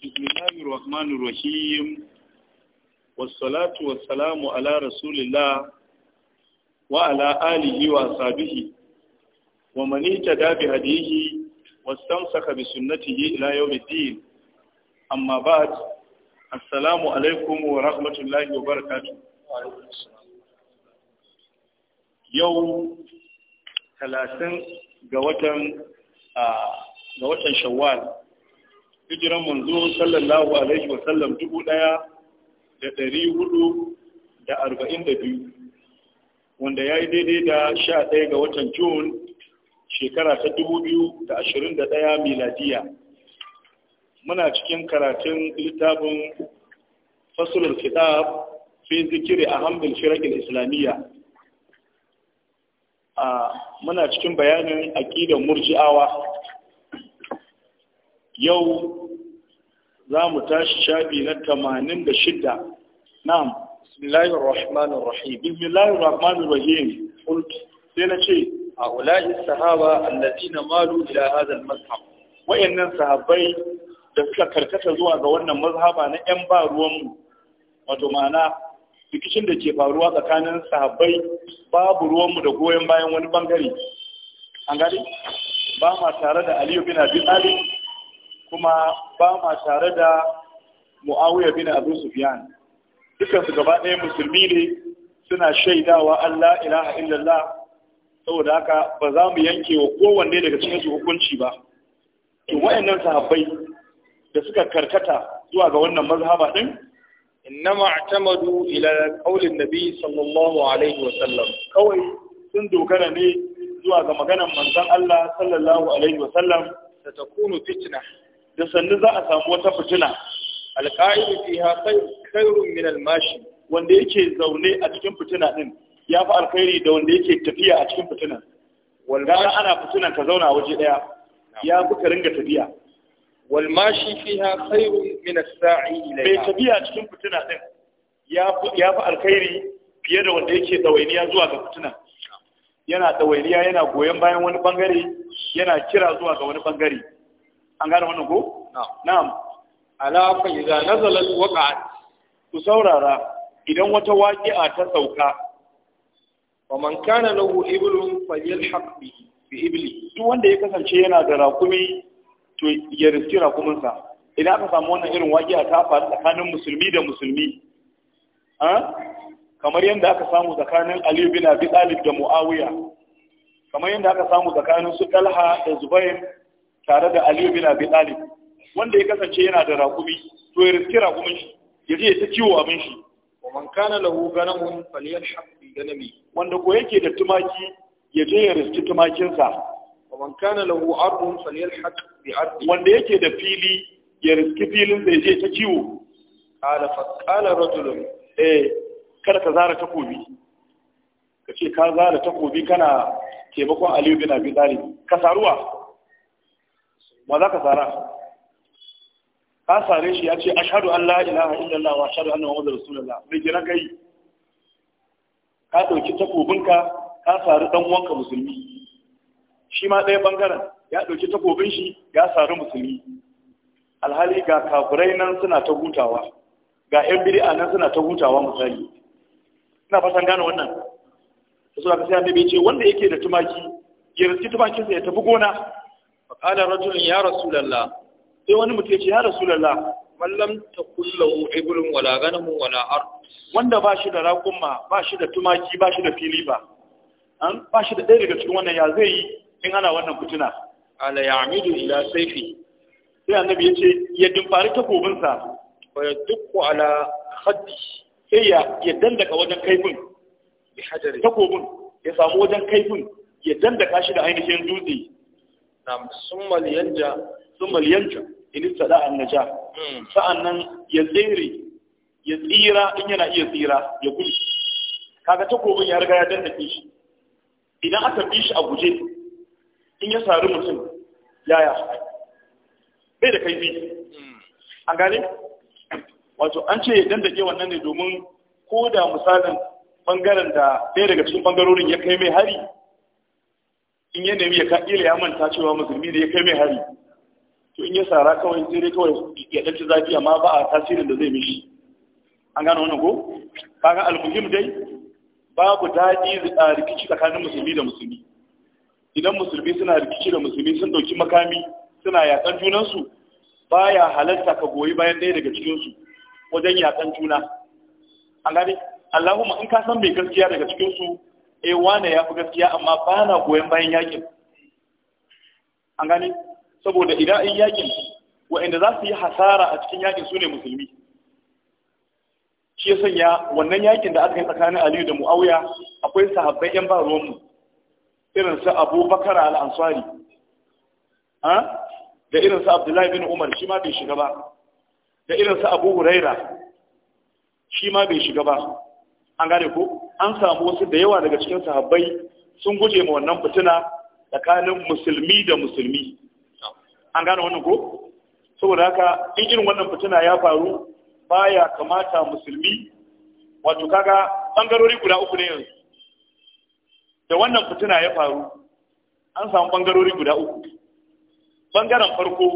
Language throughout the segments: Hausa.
bismillahir rahmanir rahim wassalatu wassalamu ala rasulillah wa ala alihi wa sahbihi wa man ittaba bi hadihi wastamsaka bi yi ila yawmiddin amma ba'd assalamu alaikum wa rahmatullahi wa barakatu. yau talatin ga watan ah, shawar. hijiran manzo sallallahu alaihi wa sallam dubu daya da dari hudu da arba'in da biyu wanda ya yi daidai da sha ɗaya ga watan jun shekara ta dubu biyu da ashirin da ɗaya miladiya muna cikin karatun littafin fasulun kitab fi zikiri a hamdul shirakin islamiyya a muna cikin bayanin aƙidan murji'awa yau za mu tashi shafi na tamanin da shida na'am bismillahir rahmanir rahim bismillahir rahmanir rahim qultu sai na ce a ulai sahaba alladina malu ila hadal al-mazhab wayannan sahabbai da suka karkata zuwa ga wannan mazhaba na yan ba ruwanmu wato mana rikicin da ke faruwa tsakanin sahabbai babu ruwanmu da goyon bayan wani bangare an gari ba ma tare da aliyu bin abi talib kuma ba ma tare da mu'awiyar bin abu sufiyan dukansu gaba ɗaya musulmi ne suna shaidawa Allah ilaha illallah saboda haka ba za mu yanke wa kowanne daga cikin su hukunci ba to wayannan sahabbai da suka karkata zuwa ga wannan mazhaba din innama atamadu ila qaulin nabi sallallahu alaihi wa sallam kawai sun dogara ne zuwa ga maganar manzon Allah sallallahu alaihi wa sallam ta takunu fitna da sannu za a samu wata fitina alƙa'idu fiha khairun min al-mashi wanda yake zaune a cikin fitina din ya fi alkhairi da wanda yake tafiya a cikin fitina wanda ana fitina ka zauna waje daya ya fi ka ringa tafiya wal mashi ha khairun min as-sa'i ilayha bai tafiya cikin fitina din ya fi ya fi alkhairi fiye da wanda yake dawainiya zuwa ga fitina yana dawainiya yana goyon bayan wani bangare yana kira zuwa ga wani bangare an gane wannan ko na'am ala fa idza nazalat waqa'at ku saurara idan wata waqi'a ta sauka wa man kana lahu iblun falyalhaq bi bi ibli duk wanda ya kasance yana da rakumi to ya riski rakumin sa idan aka samu wannan irin waqi'a ta faru tsakanin musulmi da musulmi ha kamar yadda aka samu tsakanin Ali bin Abi Talib da Muawiya kamar yadda aka samu tsakanin su Talha da Zubair tare da aliyu bin abi talib wanda ya kasance yana da raƙumi to ya riski raƙumin shi ya je ta ciwo abin shi wa man kana lahu ganamun falyalhaq bi ganami wanda ko yake da tumaki ya je ya riski tumakinsa wa man kana lahu ardun falyalhaq bi ardi wanda yake da fili ya riski filin da ya je ta ciwo qala fa qala rajulun eh kada ka zara takobi ka ce ka zara takobi kana taimakon aliyu bin abi talib ka saruwa wa za ka tsara ka sare shi ya ce ashadu an la ilaha illallah wa ashadu anna muhammadar rasulullah mai jira kai ka ɗauki takobinka ka sari ɗan wanka musulmi shi ma ɗaya ɓangaren ya ɗauki takobin shi ya sari musulmi alhali ga kafirai nan suna ta hutawa ga yan bid'a nan suna ta hutawa misali ina fatan gane wannan sai ka sai annabi ya ce wanda yake da tumaki ya tumakin sa ya tafi gona faƙalar rajulun ya rasulallah sai wani mutum ce ya lalla. mallam ta kullahu ibulun wala ganin wala ar wanda ba shi da raƙumma ba shi da tumaki ba shi da fili ba an ba shi da ɗaya daga cikin wannan ya zai yi in ana wannan fituna ala ya'midu ila saifi sai annabi ya ce ya dimfari takobinsa wa ya dukku ala khaddi sai ya ya dandaka wajen kaifin takobin ya samu wajen kaifin ya dandaka shi da ainihin dutse nam summal yanja summal yanja in istada an naja hmm. sa'annan ya tsere ya tsira in yana iya tsira ya gudu kaga takobin ya riga ya dandake shi idan aka bi shi a guje in ya sari mutum yaya bai da kai bi hmm. an gane wato an ce ya dandake wannan ne domin ko da misalin bangaren da ɗaya daga cikin bangarorin ya kai mai hari in ya nemi ya kila ya manta cewa musulmi da ya kai mai hari to in ya sara kawai sai dai kawai ya ɗanci zafi amma ba a tasirin da zai mishi an gano wannan ko kaga almuhim dai babu daɗi a rikici tsakanin musulmi da musulmi idan musulmi suna rikici da musulmi sun ɗauki makami suna yaƙan junansu baya halarta ka goyi bayan ɗaya daga cikinsu wajen yaƙan juna an gane allahumma in ka san mai gaskiya daga cikinsu eh wane ya fi gaskiya amma ba na goyon bayan yakin an gani saboda idan an yakin wa'anda za su yi hasara a cikin yakin su ne musulmi shi ya sanya wannan yakin da aka yi tsakanin aliyu da mu'awuya akwai sahabbai yan ba ruwanmu irin su al-ansari da irin abdullahi bin umar shi ma bai shiga ba da irin abu huraira shi ma bai shiga ba an gane ko an samu wasu da yawa daga cikin sahabbai sun guje ma wannan fitina tsakanin musulmi da musulmi an gane wannan ko saboda haka in irin wannan fitina ya faru baya kamata musulmi wato kaga bangarori guda uku ne yanzu da wannan fitina ya faru an samu bangarori guda uku bangaren farko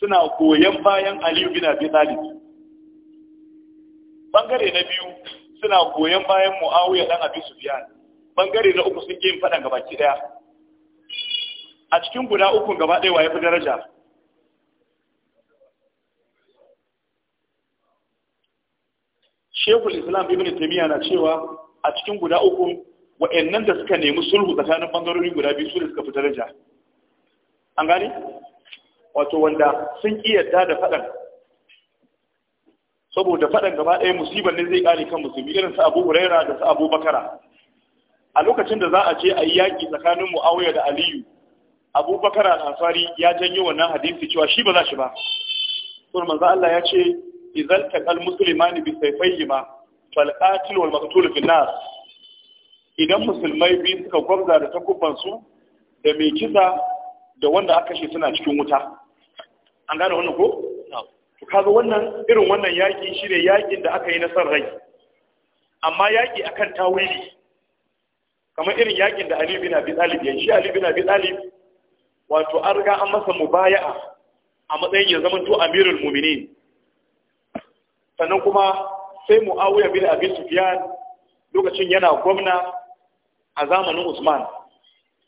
suna goyon bayan aliyu bin abi talib bangare na biyu suna goyon bayan muawiya dan su biya. bangare na uku sun yin gaba, gabaki ɗaya. a cikin guda uku gaba ɗaya waye fi daraja Shekul Islam Ibn Taymiyyah na cewa a cikin guda uku wa'annan da suka nemi sulhu tsakanin bangarori guda biyu su da suka fi daraja an gane wato wanda sun iya da faɗan? saboda faɗan gaba ɗaya musibar ne zai ƙare kan musulmi irin su abu huraira da su abu bakara a lokacin da za a ce a yi yaƙi tsakanin mu'awiya da aliyu abu bakara da ansari ya janyo wannan hadisi cewa shi ba za shi ba sun manzo Allah ya ce idan taqal muslimani bi sayfayhima fal qatil wal maqtul fi nar idan musulmai biyu suka gwamza da takubban su da mai kisa da wanda aka shi suna cikin wuta an gane wannan ko to kaga wannan irin wannan yaƙi shi ne yaƙin da aka yi na san rai amma yaƙi akan tawili kamar irin yaƙin da Ali bin Abi Talib yayin shi Ali bin Abi Talib wato an riga an masa mubaya'a a matsayin ya zama to amirul mu'minin sannan kuma sai Muawiya bin Abi Sufyan lokacin yana gwamna a zamanin Usman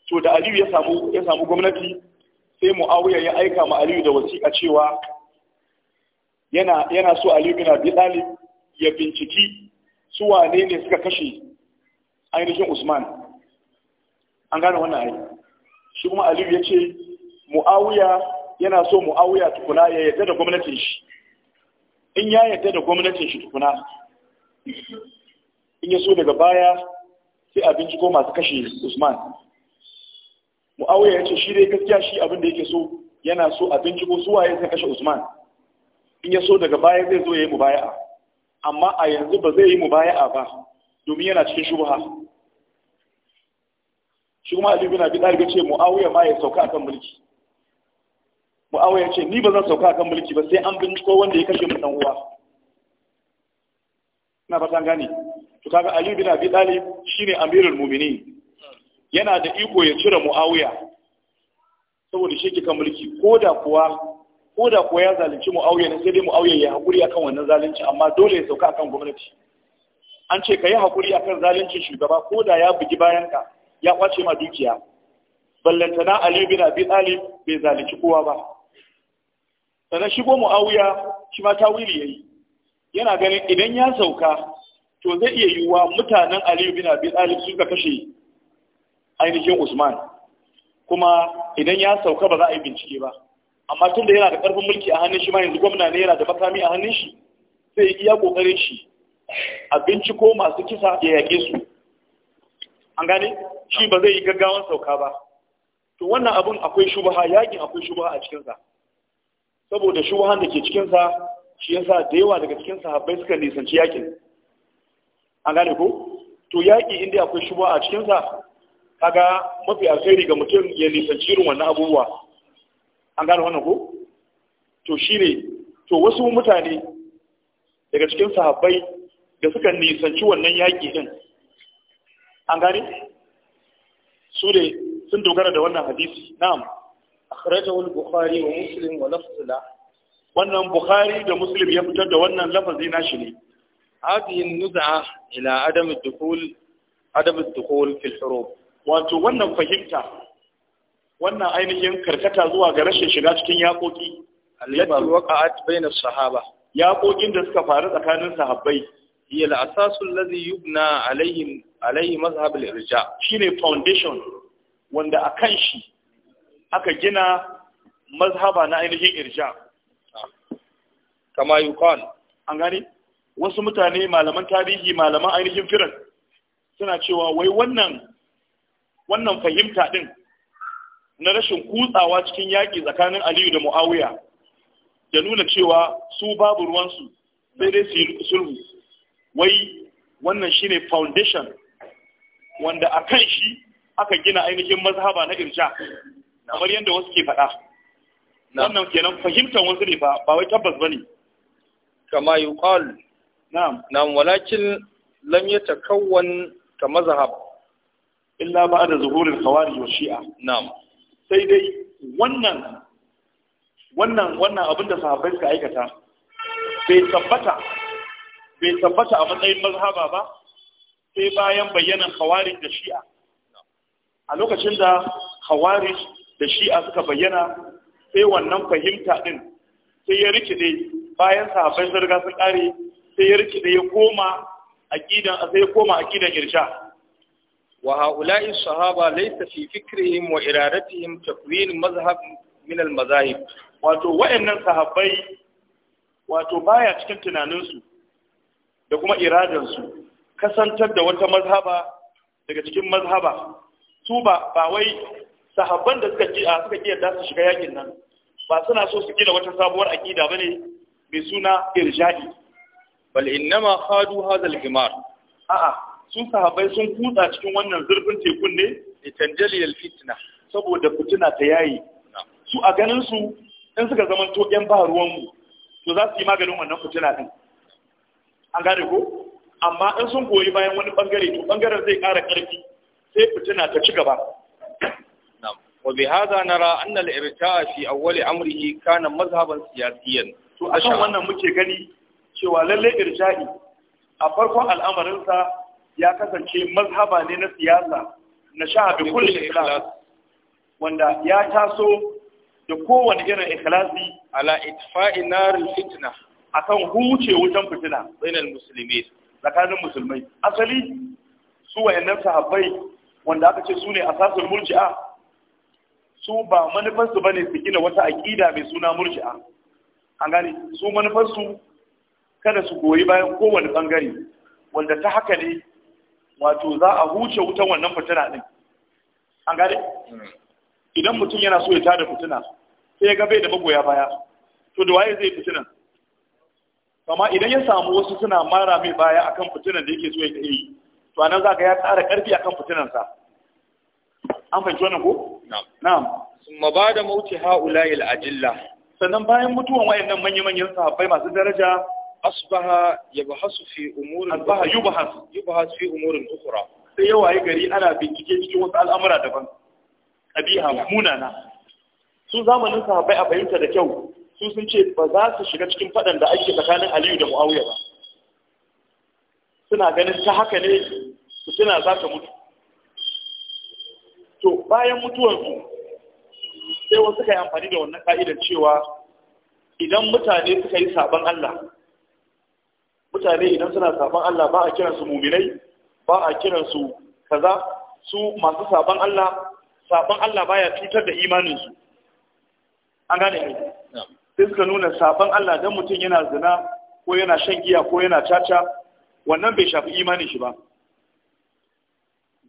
to da Aliyu ya samu ya samu gwamnati sai Muawiya ya aika ma Aliyu da wasiƙa cewa yana yana so Ali bin Abi Talib ya binciki su wane ne suka kashe ainihin Usman an gane wannan ayi shi kuma Ali ya ce Muawiya yana so Muawiya tukuna ya yarda da gwamnatin shi in ya yarda da gwamnatin shi tukuna in ya so daga baya sai a binciko masu kashe Usman Muawiya ya ce shi dai gaskiya shi abin da yake so yana so a binciko su waye suka kashe Usman in ya so daga baya zai zo ya yi mubaya'a amma a yanzu ba zai yi mubaya'a ba domin yana cikin shubha shi kuma Ali bin Abi Talib ya ce Muawiya ma ya sauka akan mulki Muawiya ya ce ni ba zan sauka akan mulki ba sai an binciko wanda ya kashe mu dan uwa ina fatan gane to kaga Ali bin Abi Talib shine amirul mu'minin yana da iko ya cire Muawiya saboda shi ke kan mulki ko da kuwa ko da ko ya zalunci mu'awiya ne sai dai mu auye ya hakuri akan wannan zalunci amma dole ya sauka akan gwamnati an ce ka yi haƙuri akan zaluncin shugaba ko da ya bugi bayan ka ya kwace ma dukiya ballantana ali bin abi talib bai zalunci kowa ba sannan shigo mu auya shi ma tawili yayi yana ganin idan ya sauka to zai iya yiwuwa mutanen ali bin abi talib suka kashe ainihin usman kuma idan ya sauka ba za a yi bincike ba amma tun da yana da karfin mulki a hannun shi ma yanzu gwamna ne yana da makami a hannun shi sai iya kokarin shi a binciko masu kisa ya yake su an gane shi ba zai yi gaggawan sauka ba to wannan abun akwai shubaha yakin akwai shubaha a cikinsa saboda shubahan da ke cikinsa shi yasa da yawa daga cikin sahabbai suka nisanci yakin an gane ko to yaƙi inda akwai shubaha a cikinsa kaga mafi alkhairi ga mutum ya nisanci irin wannan abubuwa an gano wannan ko to shine to wasu mutane daga cikin sahabbai da suka nisanci wannan yaƙi din an gane su ne sun dogara da wannan hadisi na'am akhrajahu al-bukhari wa muslim wa lafzu wannan bukhari da muslim ya fitar da wannan lafazi nashi ne هذه النزعة إلى Adamu الدخول عدم الدخول في wato wannan fahimta wannan ainihin karkata zuwa ga rashin shiga cikin yaƙoƙi allati waqa'at bayna sahaba yaƙoƙin da suka faru tsakanin sahabbai hiya al-asasu alladhi yubna alayhi alayhi mazhab al-irja shine foundation wanda akan shi aka gina mazhaba na ainihin irja kama yuqal an gani. wasu mutane malaman tarihi malaman ainihin firan suna cewa wai wannan wannan fahimta din na rashin kutsawa cikin yaƙi tsakanin aliyu da mu'awiya da nuna cewa su babu ruwansu sai dai su yi sulhu wai wannan shine foundation wanda a kan shi aka gina ainihin mazhaba na irja kamar yadda wasu ke faɗa wannan kenan fahimtar wasu ne ba wai tabbas bane ne kama yi ƙwal na walakin lam ya ka mazhab illa ba da zuhurin kawari wa shi'a na'am sai dai wannan wannan wannan abin da sahabbai suka aikata bai tabbata bai tabbata a matsayin mazhaba ba sai bayan bayyanan khawarij da shi'a a lokacin da khawarij da shi'a suka bayyana sai wannan fahimta din sai ya rikide bayan sahabbai sun riga sun kare sai ya rikide ya koma aqidan sai ya koma aqidan irsha wa haula'i sahaba laysa fi fikrihim wa iradatihim takwin mazhab min wato wa'annan sahabbai wato baya cikin tunaninsu da kuma iradansu kasantar da wata mazhaba daga cikin mazhaba su ba ba wai sahabban da suka suka kiyarda su shiga yakin nan ba suna so su gina wata sabuwar aqida bane mai suna irjadi bal innama khadu hadha al-himar a'a Sun sahabai sun kutsa cikin wannan zurfin tekun ne da tanjaliyar fitina saboda fitina ta yayi su a ganin su in suka zama to yan ba ruwan mu to za su yi maganin wannan fitina din an gane ko amma in sun goyi bayan wani bangare to bangaren zai kara ƙarfi sai fitina ta ci gaba وبهذا نرى أن الإرتاء في أول أمره كان مذهبا سياسيا to akan wannan muke gani cewa lalle irja'i a farkon al'amarinsa ya kasance mazhaba ne na siyasa na sha bi kulli ikhlas wanda ya taso da kowane irin ikhlasi ala itfa'i nar fitna akan huce wutan fitina bainal muslimin tsakanin musulmai asali su wayannan sahabbai wanda aka ce su ne asasul murji'a su ba manufarsu bane su gina wata aqida mai suna murji'a an gane su manufansu, kada su goyi bayan kowane bangare wanda ta haka ne wato za a huce wutan wannan fitina din an gane idan mutum yana so ya tada fitina sai ya ga bai da magoya baya to da waye zai fitina amma idan ya samu wasu suna mara mai baya akan fitinan da yake so ya yi to anan za ka ya tsara ƙarfi akan fitinan sa an fahimci wannan ko na'am summa bada mauti ha'ula'il ajilla sannan bayan mutuwan wayannan manya-manyan sahabbai masu daraja asbaha yabhasu fi sai yawa gari ana bincike cikin wasu al'amura daban qabiha munana su zamanin sahabbai a fahimta da kyau su sun ce ba za su shiga cikin fadan da ake tsakanin Aliyu da Muawiya ba suna ganin ta haka ne su tuna za ta mutu to bayan mutuwarsu sai wasu kai amfani da wannan ka'idar cewa idan mutane suka yi sabon Allah mutane idan suna saban Allah ba a kiransu muminai ba a kiransu kaza su masu saban Allah saban Allah baya cutar da imaninsu an gane ne sai suka nuna saban Allah dan mutum yana zina ko yana shan giya ko yana caca wannan bai shafi imanin shi ba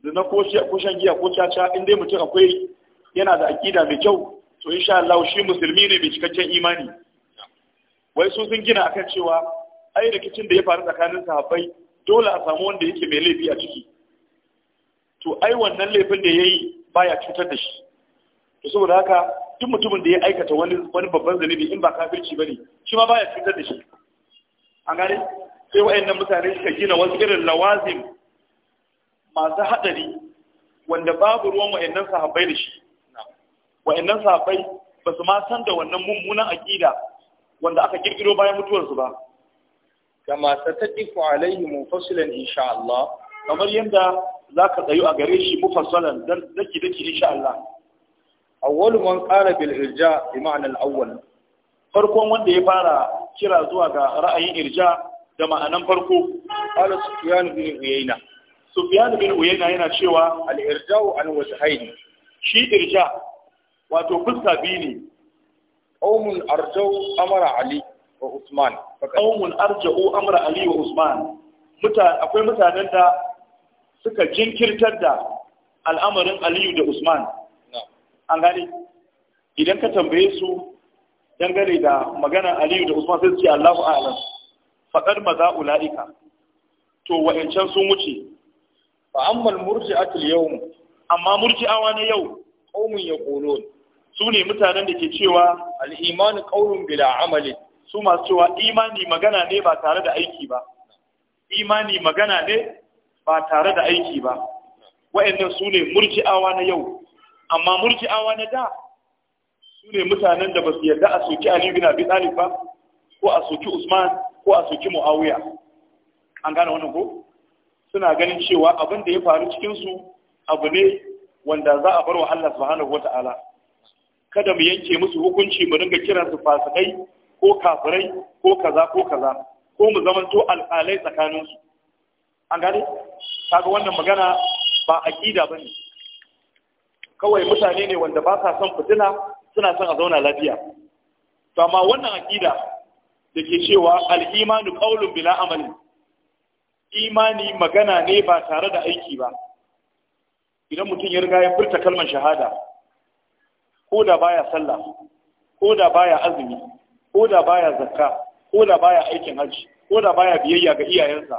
zina ko shan giya ko caca in dai mutum akwai yana da aƙida mai kyau to insha Allah shi musulmi ne mai cikakken imani wai su sun gina akan cewa ai rikicin da ya faru tsakanin sahabbai dole a samu wanda yake mai laifi a ciki to ai wannan laifin da yayi baya cutar da shi to saboda haka duk mutumin da ya aikata wani wani babban zanibi in ba kafirci bane shi ma baya cutar da shi an gane sai wayannan mutane suka gina wasu irin lawazim masu hadari wanda babu ruwan wayannan sahabbai da shi wayannan sahabbai ba su ma san da wannan mummunan aƙida wanda aka kirkiro bayan mutuwarsu ba kama satatifu alaihi mufassilan insha Allah kamar yadda zaka tsayu a gare shi mufassalan dan daki daki insha Allah awwal man qala bil irja bi ma'na al awwal farkon wanda ya fara kira zuwa ga ra'ayin irja da ma'anan farko qala sufyan bin uyayna sufyan bin uyayna yana cewa al irja'u an wajhayn shi irja wato fuska biyu ne qaumun arjau amara ali wa Usman qaumun arja'u amra Ali wa Usman akwai mutanen da suka jinkirtar da al'amarin Aliyu da Usman an gani, idan ka tambaye su dangane da maganar Aliyu da Usman sai su ce Allahu a'lam faqad maza ulaika to wa'ancan sun wuce fa ammal murji'atul yawm amma murji'awa na yau qaumun yaqulun su ne mutanen da ke cewa al-imanu qawlun bila amalin su masu cewa imani magana ne ba tare da aiki ba imani magana ne ba tare da aiki ba wa'annan su ne murji'awa na yau amma murji'awa na da su ne mutanen da ba su yarda a soki Ali bin Abi Talib ba ko a soki Usman ko a soki Muawiya an gane wannan ko suna ganin cewa abin da ya faru cikin su abu ne wanda za a bar wa Allah subhanahu wata'ala kada mu yanke musu hukunci mu dinga kiransu fasikai ko kafirai ko kaza ko kaza ko mu zamanto alƙalai tsakaninsu an gane kaga wannan magana ba aƙida ba ne kawai mutane ne wanda ba sa son fitina suna son a zauna lafiya to amma wannan aƙida da ke cewa al'imanu ƙaulun bila amali imani magana ne ba tare da aiki ba idan mutum ya riga ya furta kalmar shahada ko da baya sallah ko da baya azumi ko da baya zakka ko da baya aikin hajji ko da baya biyayya ga iyayensa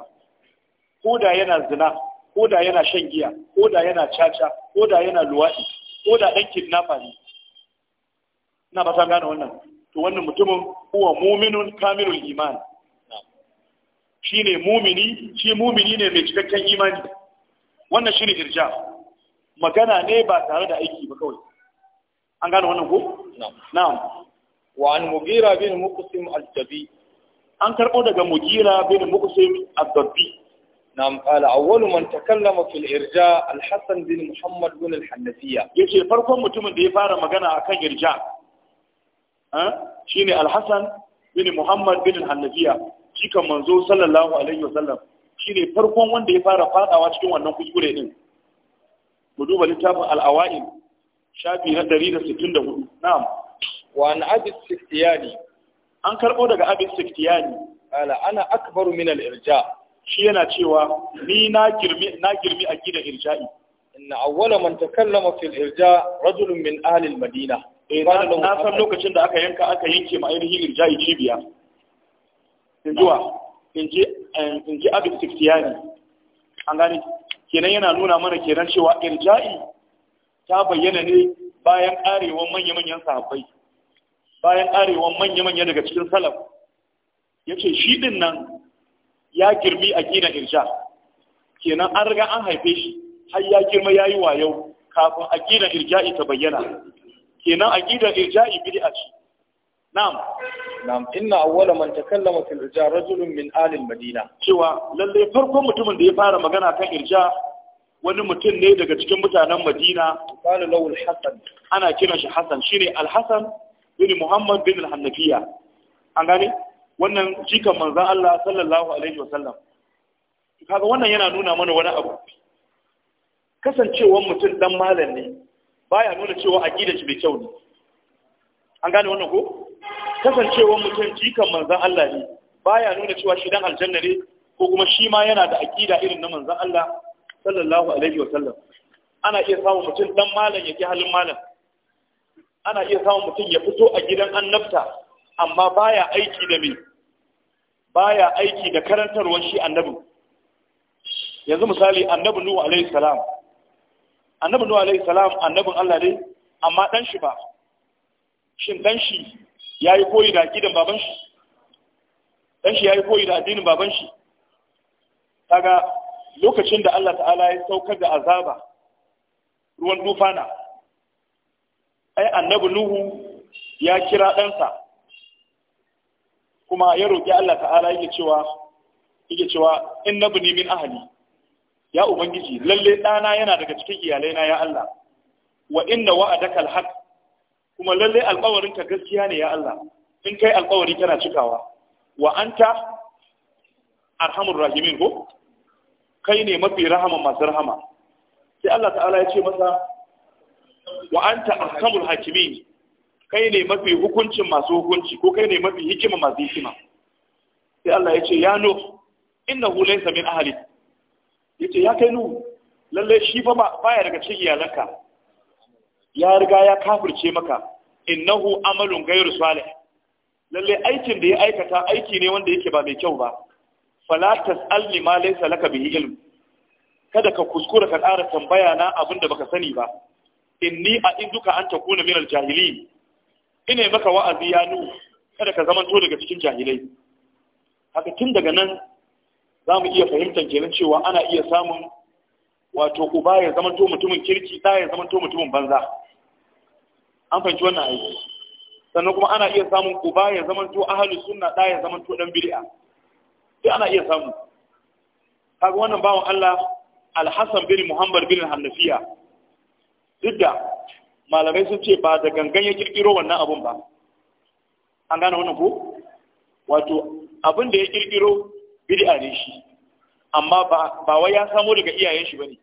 ko da yana zina ko da yana shan giya ko da yana caca ko da yana luwaɗi ko da ɗan kidnapa ne ina ba san gane wannan to wannan mutumin huwa muminun kamilul iman shine mumini shi mumini ne mai cikakken imani wannan shine irja magana ne ba tare da aiki ba kawai an gane wannan ko na'am wa an mugira bin muqsim al-jabi an karbo daga mugira bin muqsim al-jabi nam qala awwalu man takallama fil irja al-hasan bin muhammad bin al-hanafiya yace farkon mutumin da ya fara magana akan irja shine al-hasan bin muhammad bin al-hanafiya shi manzo sallallahu alaihi wa sallam, shine farkon wanda ya fara fadawa cikin wannan kuskure din mu duba littafin al-awail shafi na 164 na'am Wani abis abi ne. an karbo daga abi ne. ala ana akbaru min al’irja irja shi yana cewa ni na girmi a gidan irja'i inna awwala man takallama fil irja rajulun min ahli madina eh, na san lokacin da aka yanka aka yanke ma ainihin irja'i cibiya zuwa in ji eh, abin siftiyani an gani kenan yana nuna mana kenan cewa irja'i ta bayyana ne bayan arewan manya-manyan sahabbai bayan arewan manya-manya daga cikin salaf yace shi din nan ya girmi a gina irja kenan an riga an haife shi har ya girma yayi wayo kafin a gidan irja ta bayyana kenan a irja irja'i a ce na'am na'am inna awwala man takallama fil irja rajulun min ahli al-madina cewa lalle farkon mutumin da ya fara magana kan irja' wani mutum ne daga cikin mutanen Madina qala lahu al Hassan ana kiran shi hassan shi ne alhassan bin Muhammad bin alhannafiya an gane wannan jikan manzan Allah sallallahu alaihi wasallam kaga wannan yana nuna mana wani abu kasancewar mutum dan malam ne baya nuna cewa aqidar shi bai kyau ne an gane wannan ko kasancewar mutum jikan manzan Allah ne baya nuna cewa shi dan aljanna ne ko kuma shi ma yana da aqida irin na manzan Allah sallallahu alaihi wasallam ana iya samun mutum dan malam ya ki halin malam ana iya samun mutum ya fito a gidan annabta amma baya aiki da me baya aiki da karantarwar shi annabi yanzu misali annabi nuhu alaihi salam annabi nuhu alaihi salam annabin Allah ne amma dan shi ba shin dan shi yayi koyi da gidan baban shi dan shi yayi koyi da addinin baban shi kaga lokacin da Allah ta'ala ya saukar da azaba ruwan tufana ai annabi nuhu ya kira ɗansa kuma ya roƙi Allah ta'ala yake cewa yake cewa innabni min ahli ya ubangiji lalle ɗana yana daga cikin iyalaina ya Allah wa inna wa'adaka alhaq kuma lalle ka gaskiya ne ya Allah in kai alƙawari kana cikawa wa anta arhamur rahimin ko kai ne mafi rahama masu rahama sai Allah ta'ala ya ce masa wa anta ahkamul hakimin kai ne mafi hukuncin masu hukunci ko kai ne mafi hikima masu hikima sai Allah ya ce ya nu innahu laysa min ahli yace ya kai nu lalle shi fa baya daga cikin iyalanka ya riga ya kafirce maka innahu amalun ghayru salih lalle aikin da ya aikata aiki ne wanda yake ba mai kyau ba fala tas'al lima laysa laka bihi ilm kada ka kuskura ka ƙara tambaya na abin da baka sani ba inni a induka an takuna min al ina maka wa'azi ya nu kada ka zamanto daga cikin jahilai haka tun daga nan za mu iya fahimtar kenan cewa ana iya samun wato uba ya zamanto mutumin kirki da ya zamanto mutumin banza an fahimci wannan aiki sannan kuma ana iya samun uba ya zamanto ahalus sunna da ya zamanto ɗan bid'a duk ana iya samu kaga wannan bawan Allah Al-Hassan bin Muhammad bin Hanafiya duk da malamai sun ce ba da gangan ya kirkiro wannan abun ba an gane wannan ko wato abin da ya kirkiro bid'a ne shi amma ba wai ya samo daga iyayen shi bane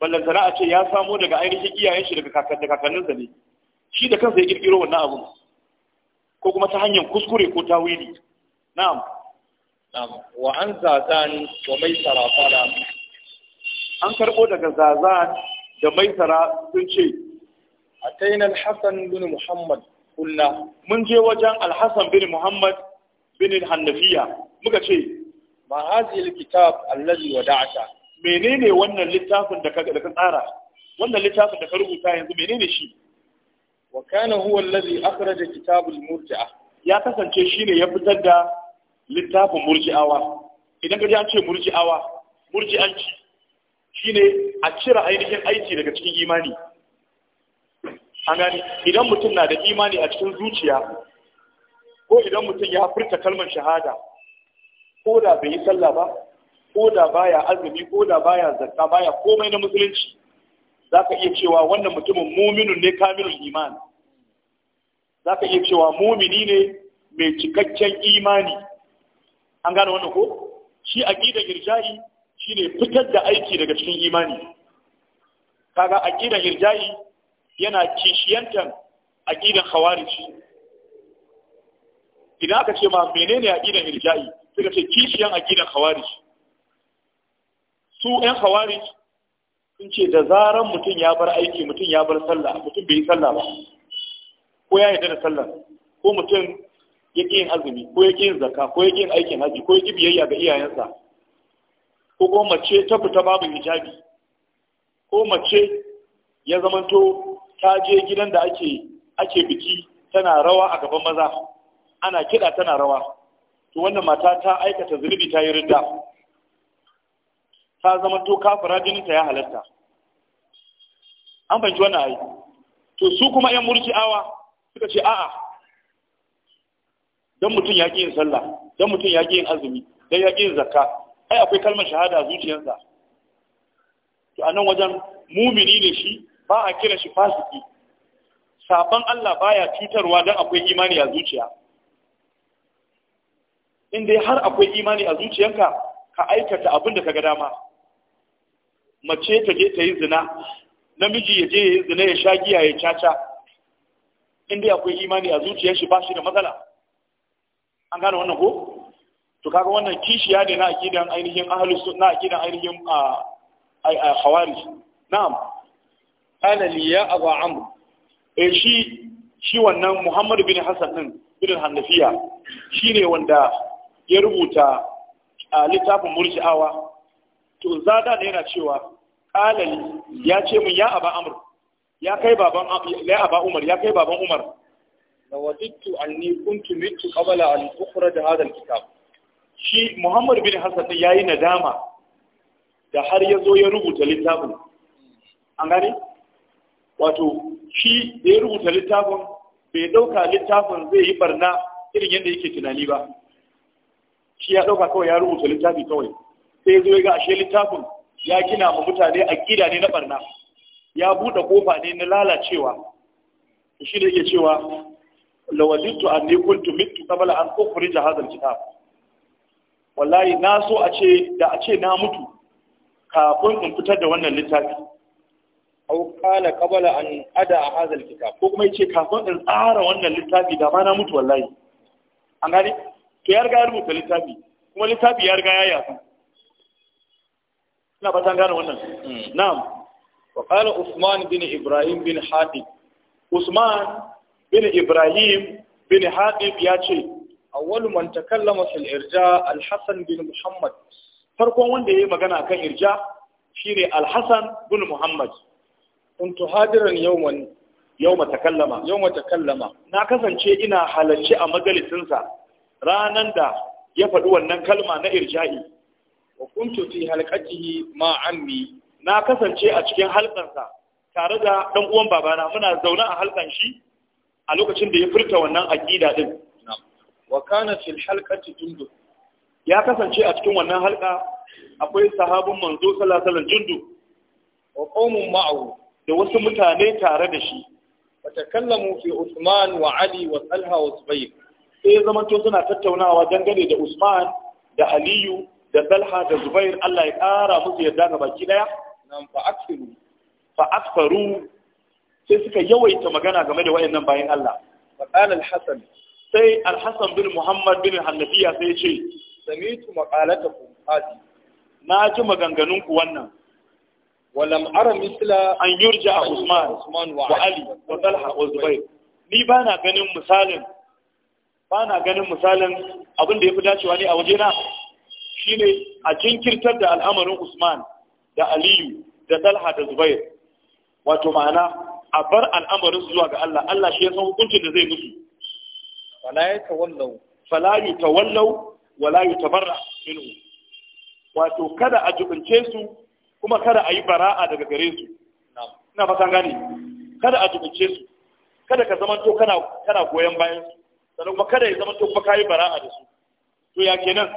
wannan sana a ce ya samo daga ainihin iyayen shi daga kakanninsa ne shi da kansa ya kirkiro wannan abun ko kuma ta hanyar kuskure ko tawili na'am wa an zazan wa mai tsara fara an karɓo daga zazan da mai tsara, sun ce A tainan Hassan bin muhammad kulna mun je wajen Alhassan bin muhammad bin hannafiya muka ce ma hazil kitab allazi wada'ata menene wannan littafin da ka tsara wannan littafin da ka rubuta yanzu menene shi wa kana huwa allazi akhraja kitab murjia ya kasance shine ya fitar da littafin murji'awa idan ka ji an ce murji'awa murji'anci shine a cire ainihin aiki daga cikin imani an gani idan mutum na da imani a cikin zuciya ko idan mutum ya furta kalmar shahada ko da bai yi sallah ba ko da baya azumi ko da baya zakka baya komai na musulunci zaka iya cewa wannan mutumin muminun ne kamilul iman zaka iya cewa mumini ne mai cikakken imani an gane wannan ko shi aqidar irja'i shine fitar da aiki daga cikin imani kaga aqidar irja'i yana kishiyantan aqidar khawarij idan aka ce ma menene aqidar irja'i sai ka ce kishiyan aqidar khawarij su ƴan khawarij sun ce da zaran mutum ya bar aiki mutum ya bar sallah mutum bai yi sallah ba ko ya yi da sallah ko mutum ya ƙi yin azumi ko ya ƙi yin zakka ko ya ƙi yin aikin haji ko ya ƙi biyayya ga iyayensa ko ko mace ta fita babu hijabi ko mace ya zamanto ta je gidan da ake ake biki tana rawa a gaban maza ana kiɗa tana rawa to wannan mata ta aikata zunubi ta yi ridda ta zamanto kafira jininta ya halatta an fahimci wannan ai to su kuma 'yan murji'awa suka ce a'a dan mutum ya yin sallah dan mutum ya yin azumi dan ya yin zakka ai akwai kalmar shahada a zuciyarsa to anan wajen mumini ne shi ba a kira shi fasiki saban Allah baya cutarwa dan akwai imani a zuciya in dai har akwai imani a zuciyarka ka aikata abin da ka ga dama mace ta je ta yi zina namiji ya je ya yi zina ya sha giya ya caca in dai akwai imani a zuciyar shi ba shi da matsala an gane wannan ko to kaga wannan kishiya ne na aqidan ainihin ahlus sunna aqidan ainihin a khawarij na'am ana ya abu amr eh shi shi wannan Muhammad bin Hassan din bin Hanafiya shine wanda ya rubuta a littafin murji'awa to zada ne yana cewa qalali ya ce mun ya aba amr ya kai baban ya aba umar ya kai baban umar لوددت أني كنت مت قبل أن أخرج هذا الكتاب shi Muhammad bin Hassan ya yi nadama da har ya zo ya rubuta littafin an gani wato shi da ya rubuta littafin bai ɗauka littafin zai yi barna irin yadda yake tunani ba shi ya ɗauka kawai ya rubuta littafi kawai sai ya zo ga ashe littafin ya gina ma mutane a aƙida ne na barna ya buɗe kofa ne na lalacewa shi da yake cewa an ni kuntu mitu qabla an ukhrija hadha alkitab wallahi na so a ce da a ce na mutu kafin in fitar da wannan littafi au kana qabla an ada hadha alkitab ko kuma yace kafin in tsara wannan littafi da ma na mutu wallahi an gani to ya riga ya rubuta littafi kuma littafi ya riga ya yafi ina fatan gane wannan na'am wa qala usman bin ibrahim bin Hadi. usman bin Ibrahim bin Habib ya ce awwalu man takallama fil irja al bin Muhammad farkon wanda ya yi magana kan irja shine al-Hasan bin Muhammad kuntu hadiran yawman yawma takallama yawma takallama na kasance ina halarci a majalisin ranan da ya faɗi wannan kalma na irja'i wa kuntu fi halqatihi ma ammi na kasance a cikin halkansa tare da ɗan uwan babana muna zaune a halkan shi a lokacin da ya furta wannan aqida din wa kana fil halqati jundu ya kasance a cikin wannan halka akwai sahabin manzo sallallahu alaihi jundu wa qaumun ma'ahu da wasu mutane tare da shi fatakallamu fi Usman wa Ali wa Talha wa Zubair sai zaman suna tattaunawa dangane da Usman da Aliyu da Talha da Zubair Allah ya kara musu yadda ga baki daya nan fa fa sai suka yawaita magana game da wayannan bayan Allah fa sai Alhassan bin muhammad bin hanafiya sai ce sami'tu maqalatakum hadi na ji maganganun ku wannan walam ara misla an yurja usman usman wa ali wa talha wa zubair ni ba na ganin misalin ba na ganin misalin abin da yafi dacewa ne a wajena shine a jinkirtar da al'amarin usman da aliyu da talha da zubair wato ma'ana a bar al'amarin zuwa ga Allah Allah shi ya san hukuncin da zai musu fala ya tawallau fala ya tawallau wala ya tabarra minhu wato kada a jubince su kuma kada a yi bara'a daga gare su ina fatan gane kada a jubince su kada ka zama to kana kana goyen bayan su sannan kuma kada ya zama to kuma kai bara'a da su to ya kenan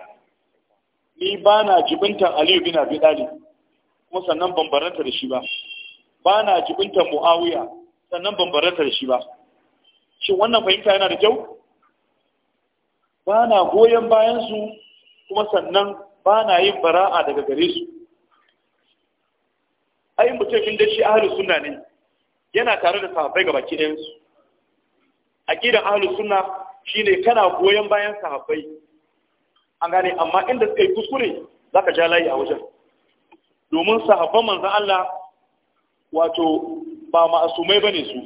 ni ba na jibintan Aliyu bin Abi Talib kuma sannan ban baranta da shi ba ba na jibintar mu'awiya sannan ban shi ba shin wannan fahimta yana da kyau ba na goyon bayansu kuma sannan ba na yin bara'a daga gare su ayin in da shi ahalus suna ne yana tare da sahabbai a ɗayansu ahalus suna shi shine kana goyon bayan sahabbai an gane amma inda suka yi kuskure za ka ja layi a wajen domin sahabban manzan Allah wato ba ma'asumai bane su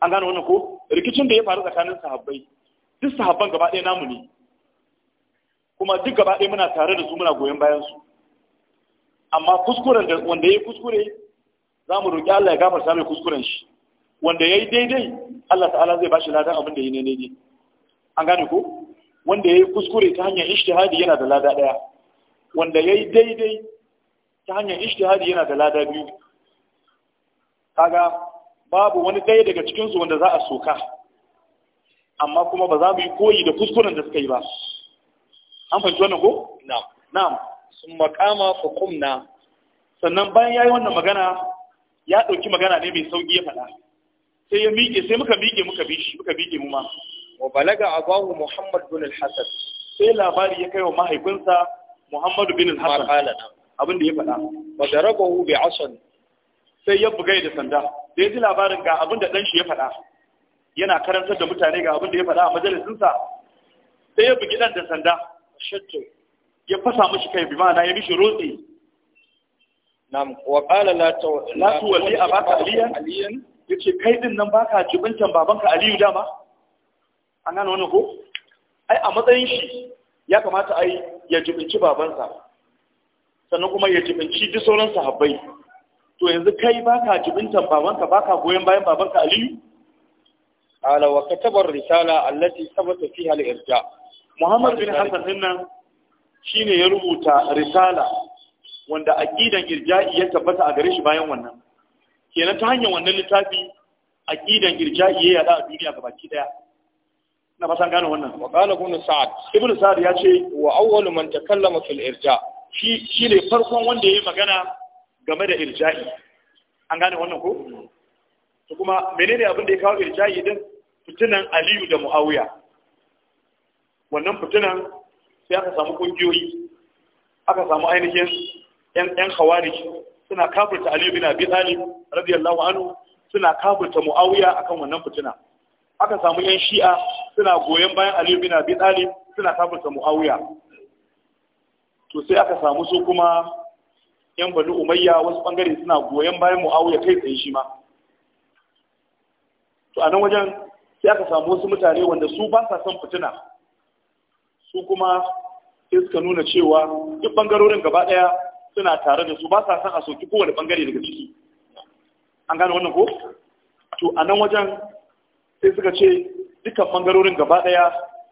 an gane wannan ko rikicin da ya faru tsakanin sahabbai duk sahabban gaba ɗaya namu ne kuma duk gaba ɗaya muna tare da su muna goyon bayan su amma kuskuren da wanda ya kuskure za mu roƙi Allah ya gafarta mai kuskuren shi wanda ya yi daidai Allah ta'ala zai ba shi ladan abin da ya yi daidai an gane ko wanda ya yi kuskure ta hanyar ishtihadi yana da lada ɗaya wanda ya yi daidai ta hanyar ishtihadi yana da lada biyu kaga babu wani ɗaya daga cikinsu wanda za a soka amma kuma ba za mu yi koyi da kuskuren da suka yi ba an fahimci wannan ko na'am sun makama fa kumna sannan bayan ya yi wannan magana ya ɗauki magana ne mai sauƙi ya faɗa sai ya miƙe sai muka miƙe muka bi shi muka miƙe mu ma wa balaga abahu muhammad bin al-hasan sai labari ya kai wa mahaifinsa muhammad bin al-hasan abin da ya faɗa wa darabahu bi asan sai ya bugai da sanda da ya ji labarin ga abin da dan shi ya faɗa yana karantar da mutane ga abin da ya faɗa a majalisinsa sai ya bugi dan da sanda shatto ya fasa mashi kai bi ma'ana ya mishi rotsi nam wa qala la la wali abaka aliyan yace kai din nan baka jibintan babanka aliyu dama an gane wannan ko ai a matsayin shi ya kamata ai ya jibinci babansa sannan kuma ya jibinci duk sauran sahabbai to yanzu kai baka jibintan babanka baka goyon bayan babanka aliyu ala wa katabar risala allati sabata fiha al-irja muhammad bin hasan dinnan shine ya rubuta risala wanda aqidan irja'i ya tabbata a gare shi bayan wannan kenan ta hanyar wannan littafi aqidan irja'i ya yada a duniya gabaki daya na fasan gane wannan wa qala ibn sa'ad ibn sa'ad ya ce wa awwalu man takallama fil irja shi shine farkon wanda yayi magana game da irja'i an gane wannan ko to kuma menene abin da ya kawo irja'i din fitinan aliyu da muawiya wannan fitinan sai aka samu kungiyoyi aka samu ainihin yan yan khawarij suna kafirta aliyu bin abi talib radiyallahu anhu suna kafirta muawiya akan wannan fitina aka samu yan shi'a suna goyon bayan aliyu bin abi talib suna kafirta muawiya to sai aka samu su kuma yan bani umayya wasu bangare suna goyon bayan ya kai tsaye shi ma to a nan wajen sai aka samu wasu mutane wanda su ba sa son fitina su kuma sai suka nuna cewa duk bangarorin gaba daya suna tare da su ba sa son a soki kowane bangare daga ciki an gane wannan ko to a nan wajen sai suka ce dukkan bangarorin gaba daya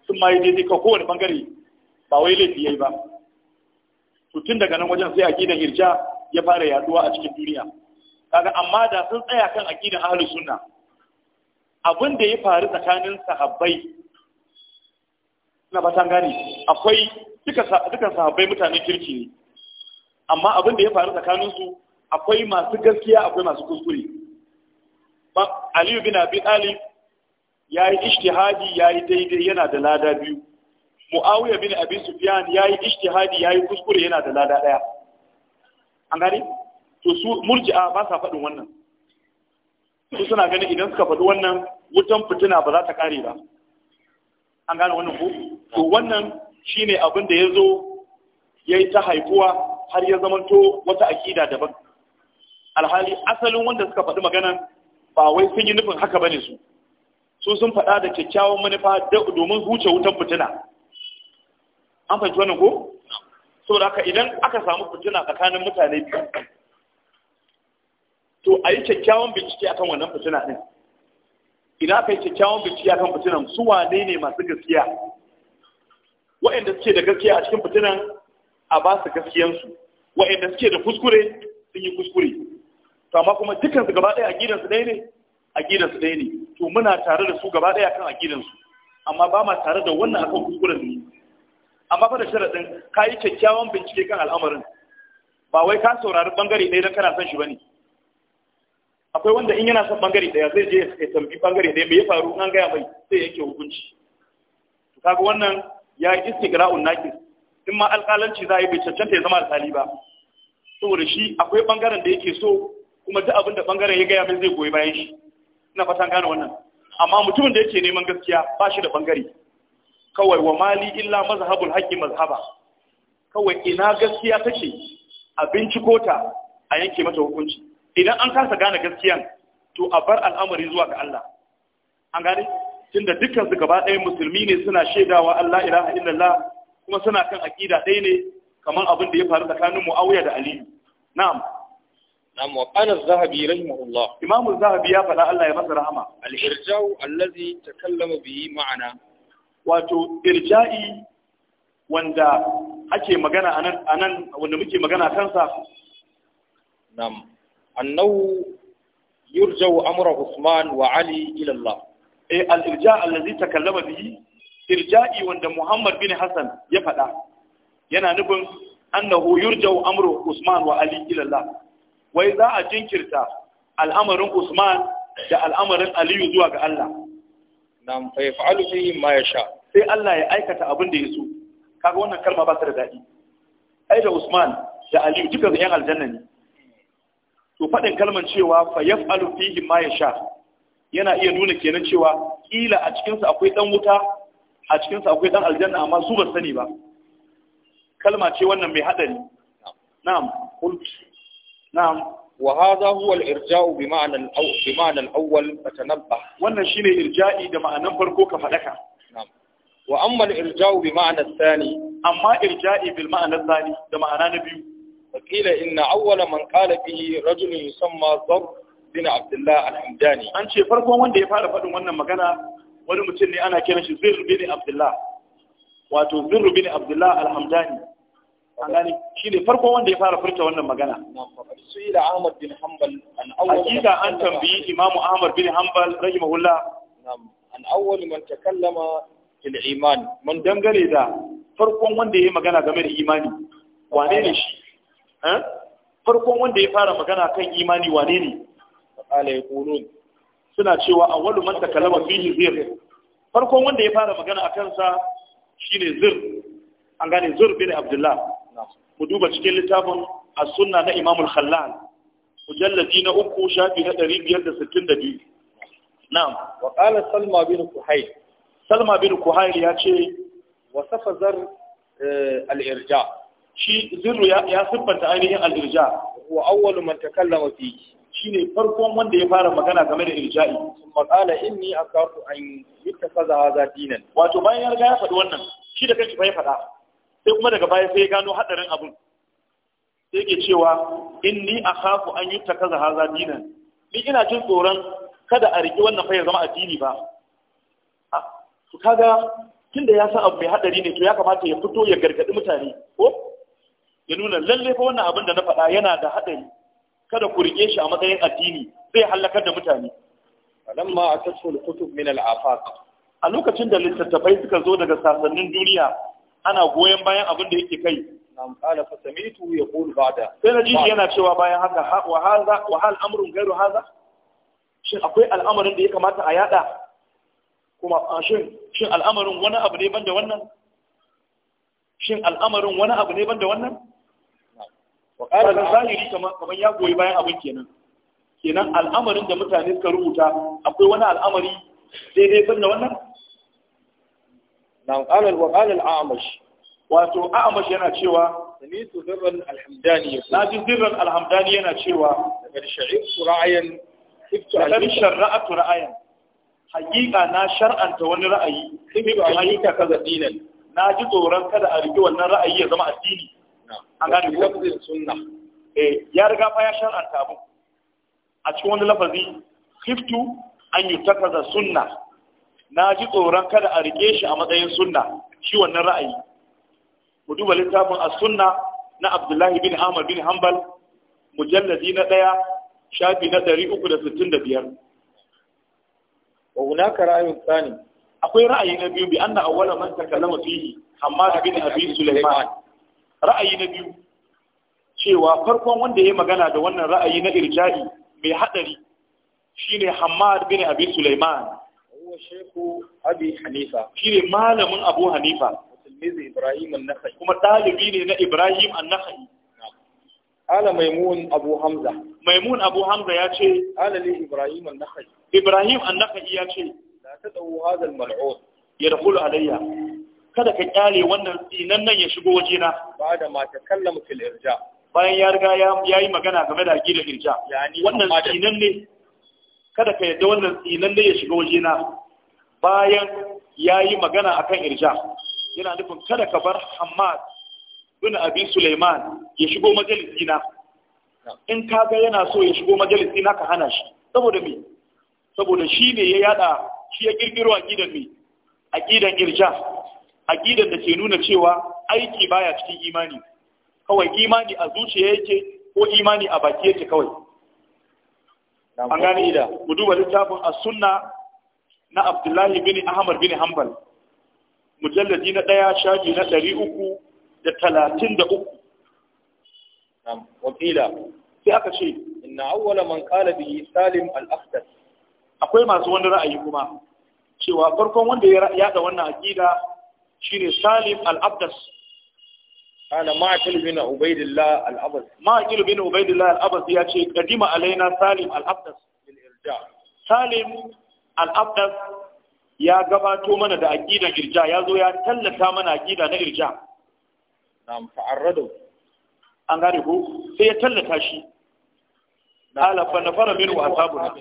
sun ma yi daidai ka kowane bangare ba wai laifi ya yi ba to tun daga nan wajen sai aqidan irja ya fara yaduwa a cikin duniya kaga amma da sun tsaya kan aqidan ahlus sunna abin da ya faru tsakanin sahabbai na fatan gani akwai duka duka sahabbai mutanen kirki ne amma abin da ya faru tsakanin su akwai masu gaskiya akwai masu kuskure Aliyu bin Abi Talib yayi ijtihadi yayi daidai yana da lada biyu Mu'awiyah bin abi sufyan yayi ijtihadi yayi kuskure yana da lada daya an gani to su murji'a ba sa faɗin wannan su suna ganin idan suka faɗi wannan wutan fitina ba za ta kare ba an gane wannan ko to wannan shine abin da ya zo ya yi ta haifuwa har ya zamanto wata akida daban alhali asalin wanda suka faɗi magana ba wai sun yi nufin haka bane su su sun faɗa da kyakkyawan manufa domin huce wutan fitina an fahimci wannan ko saboda haka idan aka samu fitina tsakanin mutane biyu to a yi kyakkyawan bincike akan wannan fitina din idan aka yi kyakkyawan bincike akan fitinan su wane ne masu gaskiya wa'anda suke da gaskiya a cikin fitinan a ba su gaskiyansu wa'anda suke da kuskure sun yi kuskure to amma kuma dukkan su gaba ɗaya a su ɗaya ne A su ɗaya ne to muna tare da su gaba ɗaya kan aqidan su amma ba ma tare da wannan akan kuskuren su amma fa da sharaɗin ka yi kyakkyawan bincike kan al'amarin ba wai ka saurari bangare ɗaya don kana son shi ba ne akwai wanda in yana son bangare ɗaya zai je ya tambi bangare ɗaya me ya faru an gaya mai sai yanke hukunci kaga wannan ya yi istigra'un naqis in ma alƙalanci za a yi bai cancanta ya zama alƙali ba saboda shi akwai bangaren da yake so kuma duk abin da bangaren ya gaya mai zai goyi bayan shi ina fatan gane wannan amma mutumin da yake neman gaskiya ba shi da bangare kawai wa mali illa mazhabul haƙƙi mazhaba kawai ina gaskiya take a binciko ta a yanke mata hukunci idan an kasa gane gaskiyan to a bar al'amari zuwa ga Allah an gane tunda dukkan su gaba ɗaya musulmi ne suna shaidawa Allah ilaha illallah kuma suna kan aqida ɗaya ne kamar abin da ya faru tsakanin Muawiya da Ali na'am نعم وقال الذهبي رحمه الله إمام الذهبي يا فلا الله يمسر رحمه الإرجاء الذي تكلم به معنا wato irja'i wanda ake magana a nan wanda muke magana kansa nam annahu yurja'u amra Usman wa Ali ila Allah eh al-irja' allazi takallama bihi irja'i wanda Muhammad bin Hassan ya faɗa yana nufin annahu yurja'u amru Usman wa Ali ila Allah wai za a jinkirta al'amarin Usman da al'amarin Aliyu zuwa ga Allah nam fa yaf'alu fihi ma yasha sai Allah ya aikata abin da yaso kaga wannan kalma ba ta da dadi ai da Usman da Ali duka ga yan aljanna ne to fadin kalman cewa fa yaf'alu fihi ma yasha yana iya nuna kenan cewa kila a cikin su akwai dan wuta a cikin su akwai dan aljanna amma su ba sani ba kalma ce wannan mai hadari na'am qult na'am وهذا هو الارجاء بمعنى الاو بمعنى الاول فتنبه wannan shine irja'i da ma'anar farko ka fadaka wa amma al-irja'u bi ma'na al-thani amma irja'i bil ma'na al da ma'ana na biyu faqila inna awala man qala bihi rajulun yusamma zar bin abdullah al-hamdani an ce farkon wanda ya fara faɗin wannan magana wani mutum ne ana kiran shi zirr bin abdullah wato zirr bin abdullah al-hamdani an gane shi ne farko wanda ya fara furta wannan magana suila ahmad an hakika an tambayi imamu ahmad bin hanbal rahimahullah an awwal man takallama fil iman man dangane da farkon wanda ya yi magana game da imani wane ne shi eh? farkon wanda ya fara magana kan imani wane ne ala yaqulun suna cewa awwalu man takallama fihi zir farkon wanda ya fara magana akan sa shine zir an gane zir bin abdullah ku duba cikin littafin as-sunna na Imam al-Khallal mujalladi na uku shafi na 562 na'am wa qala Salma bin Kuhayl Salma bin Kuhayl ya ce safa zar eh, al-irja shi zirru ya siffanta ainihin al-irja wa awwalu man takallama shi shine farkon wanda ya fara magana game da irja'i kuma qala inni akafu an yattakhadha hadha dinan wato bayan ya riga ya faɗi wannan shi da kanki bai faɗa sai kuma daga baya sai ya gano hadarin abun sai yake cewa inni akhafu an kaza haza dinan ni ina jin tsoron kada a riki wannan fa ya zama addini ba ah, to kaga tunda ya san abu mai hadari ne to ya kamata ya fito ya gargadi mutane ko ya nuna lalle fa wannan abin da na faɗa yana da hadari kada ku rike shi a matsayin addini zai halakar da mutane a atasul kutub min al-afaq a lokacin da littattafai suka zo daga sasannin duniya ana goyon bayan abin da yake kai nam qala fa sami'tu yaqul ba'da sai naji shi yana cewa bayan haka wa hadha wa hal amrun ghairu hadha shin akwai al'amarin da ya kamata a yada kuma shin shin al'amarin wani abu ne banda wannan shin al'amarin wani abu ne banda wannan wa qala zahiri kamar ya goyi bayan abin kenan kenan al'amarin da mutane suka rubuta akwai wani al'amari daidai banda wannan na qalal wa a'mash wato a'mash yana cewa samitu dirran alhamdani na ji dirran alhamdani yana cewa daga sha'ibtu ra'ayan iftu alhamdani shar'atu ra'ayan na shar'anta wani ra'ayi kaza dinan na ji tsoron kada a riki wannan ra'ayi ya zama addini an sunna eh ya riga fa ya shar'anta abu a cikin wani lafazi khiftu an yutakaza sunna na ji tsoron kada a rike shi a matsayin sunna shi wannan ra'ayi mu duba littafin as-sunna na Abdullahi bin Ahmad bin Hanbal mujalladi na ɗaya shafi na 365 wa hunaka ra'ayun tsani akwai ra'ayi na biyu bi anna awwala man takallama fihi da bin Abi Sulaiman ra'ayi na biyu cewa farkon wanda ya magana da wannan ra'ayi na irja'i mai hadari shine hamad bin Abi Sulaiman huwa sheku abi hanifa shine malamin abu hanifa tilmizi ibrahim an-nakhai kuma dalibi ne na ibrahim an-nakhai ala maimun abu hamza maimun abu hamza ya ce ala li ibrahim an ibrahim an-nakhai ya ce la tadawu hadha al-mal'un yadkhulu alayya kada ka kyale wannan tsinan nan ya shigo wajena ba da ma ta kallama fil irja bayan ya riga ya yi magana game da aqidar irja wannan tsinan ne kada ka yadda wannan tsinan ne ya shiga wajena bayan ya yi magana akan irja yana nufin kada ka bar hamad bin abi suleiman ya shigo majalisina in ka ga yana so ya shigo majalisina ka hana shi saboda me saboda shi ne ya yada shi ya kirkiro aqidan me aqidan irja aqidan da ke nuna cewa aiki baya cikin imani kawai imani a zuciya yake ko imani a baki yake kawai an gane ida mu duba littafin as-sunna na abdullahi bin ahmad bin hanbal mujalladi na ɗaya shafi na ɗari uku da talatin da uku wakila sai aka ce inna awwala man qala bihi salim al-afdal akwai masu wani ra'ayi kuma cewa farkon wanda ya yada wannan aqida shine salim al-abdas kana ma'qil bin ubaidillah al abbas ma'qil bin ubaidillah al-abas ya ce kadima alaina salim al-abdas bil irja salim al'abdas ya gabato mana da aƙidan girja ya zo ya tallata mana aƙida na girja na fa'arradu an gane ko sai ya tallata shi ala fa nafara min wa ashabuna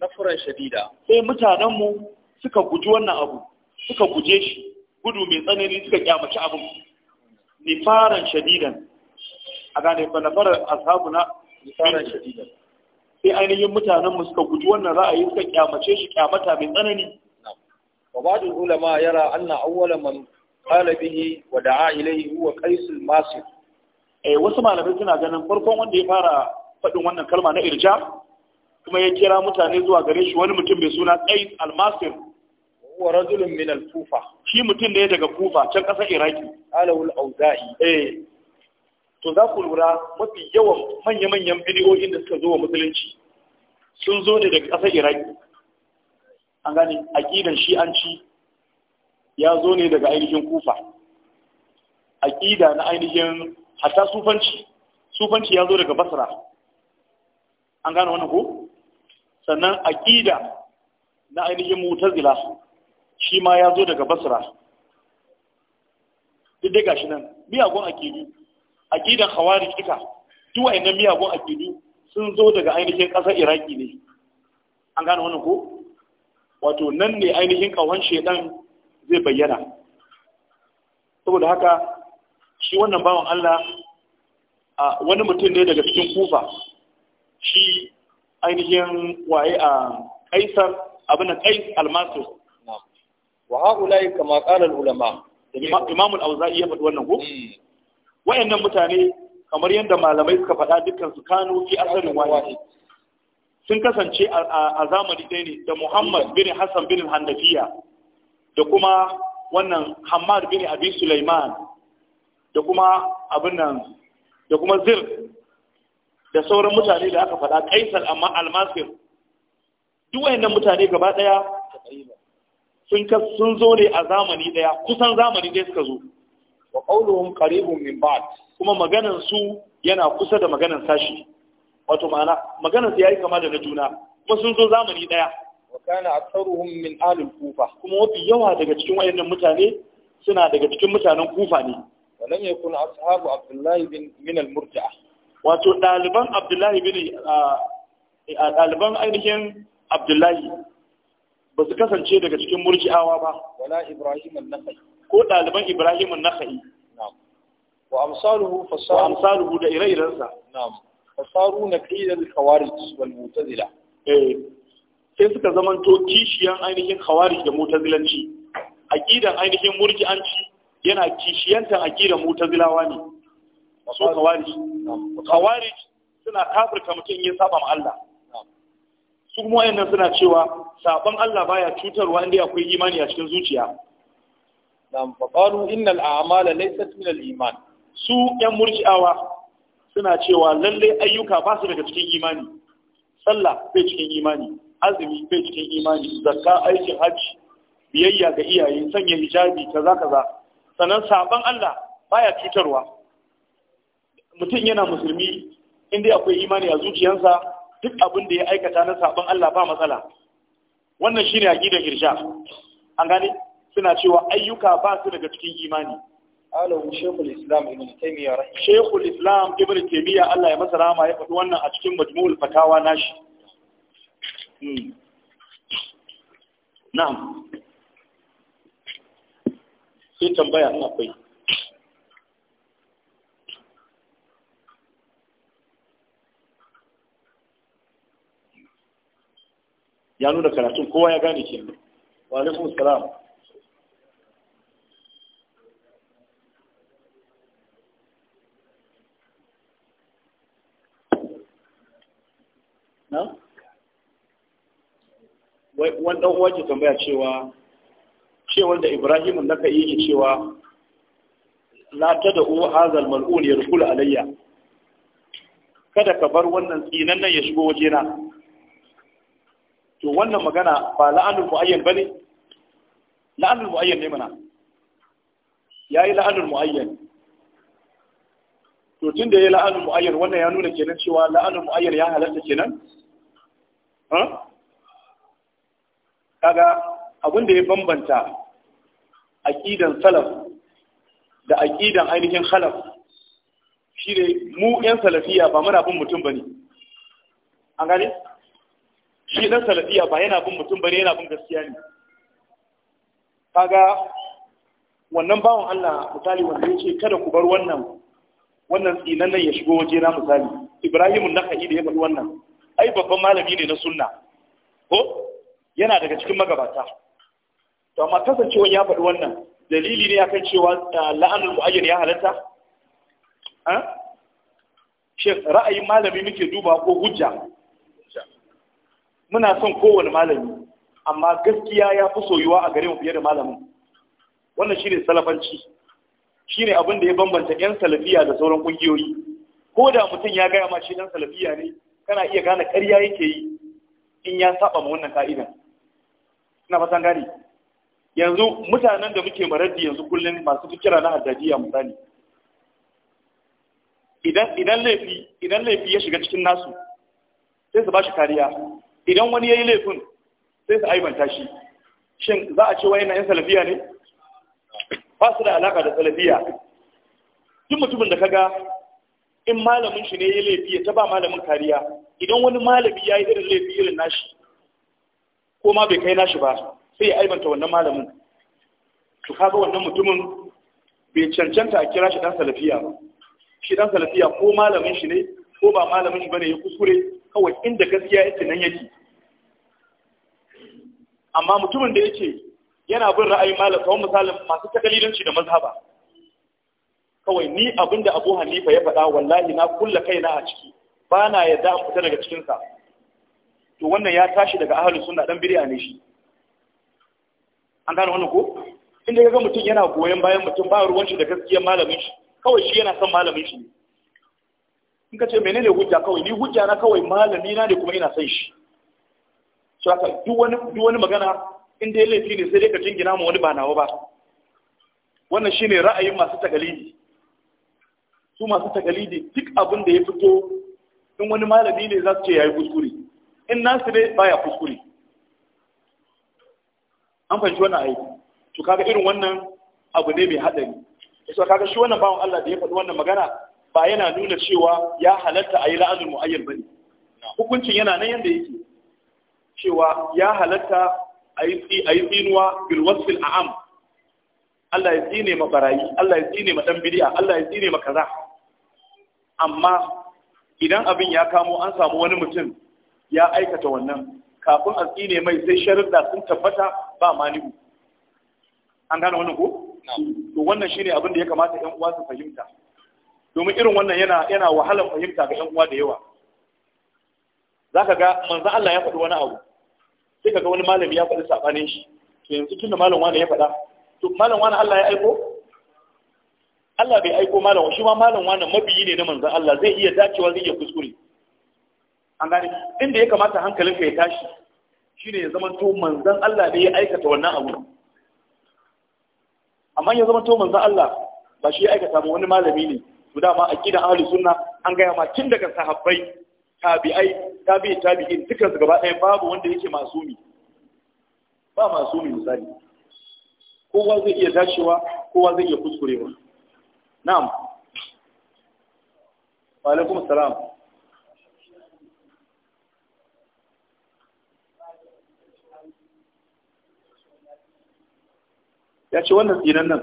nafara shadida sai mutanen mu suka guji wannan abu suka guje shi gudu mai tsanani suka kyamaci Ni nifaran shadidan a gane fa nafara ashabuna nifaran shadidan sai ainihin mutanen mu suka guji wannan ra'ayi suka kyamace shi kyamata mai tsanani wa ba'dul ulama yara anna awwala man qala wa da'a ilayhi huwa qais al-masir eh wasu malamai suna ganin farkon wanda ya fara faɗin wannan kalma na irja kuma ya kira mutane zuwa gare shi wani mutum mai suna qais al-masir wa rajulun min al-kufa shi mutum ne daga kufa can ƙasa iraki alawul auza'i eh to za ku lura mafi yawan manya-manyan bidiyoyin da suka zo wa musulunci sun zo ne daga ƙasar iraki an gane an shi'anci ya zo ne daga ainihin kufa aƙida na ainihin hatta sufanci sufanci ya zo daga basra an gane wannan ko sannan aƙida na ainihin mutazila shi ma ya zo daga basra duk daga shi nan miyagun aƙidu aƙidan hawari duka duk wa'annan miyagun aƙidu sun zo daga ainihin ƙasar iraki ne an gane wannan ko wato nan ne ainihin ƙawon shaidan zai bayyana saboda haka shi wannan bawan Allah a wani mutum ne daga cikin kufa shi ainihin waye a kaisar abin da kai almasu wa haulai kama qala ulama imamul auzai ya faɗi wannan ko hmm. wayannan mutane kamar yadda malamai suka faɗa dukkan su kano fi asalin wani sun kasance a zamani ɗaya ne da Muhammad bin Hassan bin Hannafiya da kuma wannan Hamad bin Abi Sulaiman da kuma abin nan da kuma Zir da sauran mutane da aka faɗa Kaisar amma Almasir duk wayannan mutane gaba ɗaya sun zo ne a zamani ɗaya kusan zamani ɗaya suka zo wa qauluhum qaribun min ba'd kuma maganan su yana kusa da maganan sashi wato ma'ana maganan su yayi kama da na juna kuma sun zo zamani daya wa kana aktharuhum min ahli kufa kuma mafi yawa daga cikin wayannan mutane suna daga cikin mutanen kufa ne walam yakun ashabu abdullahi bin min al-murji'a wato daliban abdullahi bin daliban ainihin abdullahi ba su kasance daga cikin murji'awa ba wala ibrahim an-nakhai ko daliban ibrahim an-nakhai na'am wa فصار fasaru ده amsaluhu da نعم فصاروا نقيل الخوارج والمعتزله ايه كيف wal mu'tazila eh sai suka zamanto kishiyan ainihin khawarij da mu'tazilanci aqidan ainihin murji'anci yana kishiyantan aqidan mu'tazilawa ne masu khawarij khawarij suna kafirta mutum yin saba Allah su kuma wayannan suna cewa saban Allah baya cutarwa inda akwai imani a cikin zuciya nam faqalu innal a'mala laysat min al iman su ‘yan murji'awa suna cewa lallai ayyuka ba su daga cikin imani sallah bai cikin imani azumi bai cikin imani zakka aikin hajji biyayya ga iyaye sanya hijabi kaza kaza sannan saban Allah baya cutarwa mutum yana musulmi inda akwai imani a zuciyarsa duk abin da ya aikata na saban Allah ba matsala wannan shine gidan irsha an gane suna cewa ayyuka ba su daga cikin imani alahu shekul islam ibn taymiya shekul islam ibn taymiya Allah ya masa rahama ya faɗi wannan a cikin majmu'ul fatawa nashi hmm. na'am ya nuna karatun kowa ya gane wa wani ɗan uwa ke tambaya cewa cewar da Ibrahim ka yi cewa la da uwa hazal malun yadkhul alayya kada ka bar wannan tsinan nan ya shigo wajena to wannan magana ba la'anul mu'ayyan bane la'anul mu'ayyan ne mana yayi la'anul mu'ayyan to tun da ya la'anul mu'ayyar wannan ya nuna kenan cewa la'anul mu'ayyar ya halatta kenan ha kaga abin da ya bambanta aqidan salaf da aqidan ainihin khalaf ne mu yan salafiya ba muna bin mutum bane an gane shi ɗan salafiya ba yana bin mutum bane yana bin gaskiya ne kaga wannan bawon Allah misali wanda yace kada ku bar wannan wannan tsinan nan ya shigo waje na misali ibrahimun na nakhai da ya faɗi wannan ai babban malami ne na sunna ko yana daga cikin magabata to amma kasancewa ya faɗi wannan dalili ne akan cewa eh, la'anul mu'ayyan ya halatta shin ra'ayin malami muke duba ko hujja muna son kowane malami amma gaskiya ya fi soyuwa a gare mu fiye da malamin wannan shine salafanci shine abin da ya bambanta yan salafiya da sauran kungiyoyi ko da mutum ya gaya ma shi dan salafiya ne kana iya gane ƙarya yake yi in ya saba ma wannan ka'idan ina fatan gani yanzu mutanen da muke maraddi yanzu kullum masu fikira na hajjajiya misali idan idan laifi idan laifi ya shiga cikin nasu sai su bashi kariya idan wani yayi laifin sai su aibanta shi shin za a ce wani yan salafiya ne ba su da alaka da salafiya duk mutumin da kaga in malamin shi ne ya laifi ya taba malamin kariya idan wani malami ya yi irin laifi irin nashi ko ma bai kai nashi ba sai ya aibanta wannan malamin to kaga wannan mutumin bai cancanta a kira shi dan salafiya ba shi dan salafiya ko malamin shi ne ko ba malamin shi bane ya kuskure kawai inda gaskiya yake nan yake amma mutumin da yake yana bin ra'ayin malam kawai misalin masu takalilanci da mazhaba kawai ni abinda Abu Hanifa ya faɗa wallahi na kulla kaina a ciki ba na yadda an fita daga cikinsa to wannan ya tashi daga ahalus sunna dan bid'a ne shi an gano wannan ko inda kaga mutum yana goyon bayan mutum ba ruwan shi da gaskiyar malamin shi kawai shi yana son malamin shi ne in ka ce menene hujja kawai ni hujja na kawai malami na ne kuma ina son shi so haka duk wani duk wani magana inda ya laifi ne sai dai ka jingina mu wani ba nawa ba wannan shine ra'ayin masu tagalidi su masu tagalidi duk abin da ya fito in wani malami ne za su ce yayi kuskure in su ne ya kuskure an fahimci wannan aiki to kaga irin wannan abu ne mai haɗari so kaga shi wannan bawan Allah da ya faɗi wannan magana ba yana nuna cewa ya halatta a yi la'azul mu'ayyar bane hukuncin yana nan yanda yake cewa ya halatta a yi tsinuwa bil a'am Allah ya tsine ma barayi Allah ya tsine ma dan bidiya Allah ya tsine ma kaza amma idan abin ya kamo an samu wani mutum ya aikata wannan kafin a tsine mai sai sharuɗa sun tabbata ba mani'u an gane wannan ko to wannan shine abin da ya kamata ƴan uwa su fahimta domin irin wannan yana yana wahalar fahimta ga ƴan uwa da yawa zaka ga manzo Allah ya faɗi wani abu sai kaga wani malami ya faɗi sabanin shi to yanzu tunda malam wani ya faɗa to malam wani Allah ya aiko Allah bai aiko malam shi ma malam wani mabiyi ne na manzo Allah zai iya dacewa zai iya kuskure an gane inda ya kamata hankalinka ya tashi shine ya zama to manzon Allah ne ya aikata wannan abu amma ya zama to manzon Allah ba shi ya aikata ba wani malami ne to dama aqidan ahli sunna an ga ma tun daga sahabbai tabi'ai tabi'i tabi'in dukkan su gaba ɗaya babu wanda yake masumi ba masumi misali kowa zai iya dacewa kowa zai iya kuskurewa na'am wa alaikum assalam ya ce wannan tsinan nan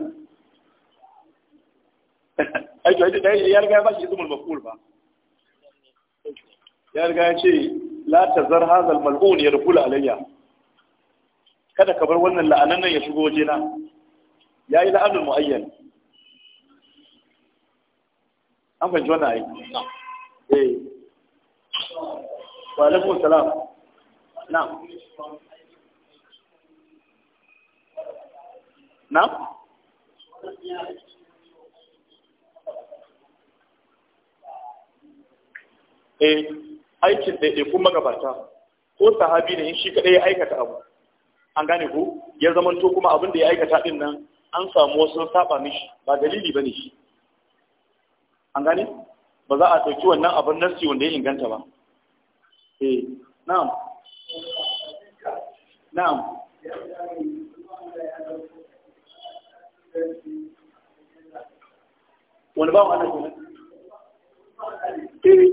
ya riga ya ba shi izumul maful ba ya riga ya ce la ta zar hazal mal'un ya rukula alayya kada ka bar wannan la'anan nan ya shigo wajena ya yi la'anul mu'ayyan an fahimci wannan ai eh wa alaikum salam na'am na? eh aikin da kuma magabata ko sahabi ne shi kaɗai ya aikata abu an gane ku ya zamanto kuma abin da ya aikata din nan an samu wasu saba mishi ba dalili ba ne shi an gane ba za a ɗauki wannan abin nasi wanda ya inganta ba eh na'am na'am wani ba wa ana eh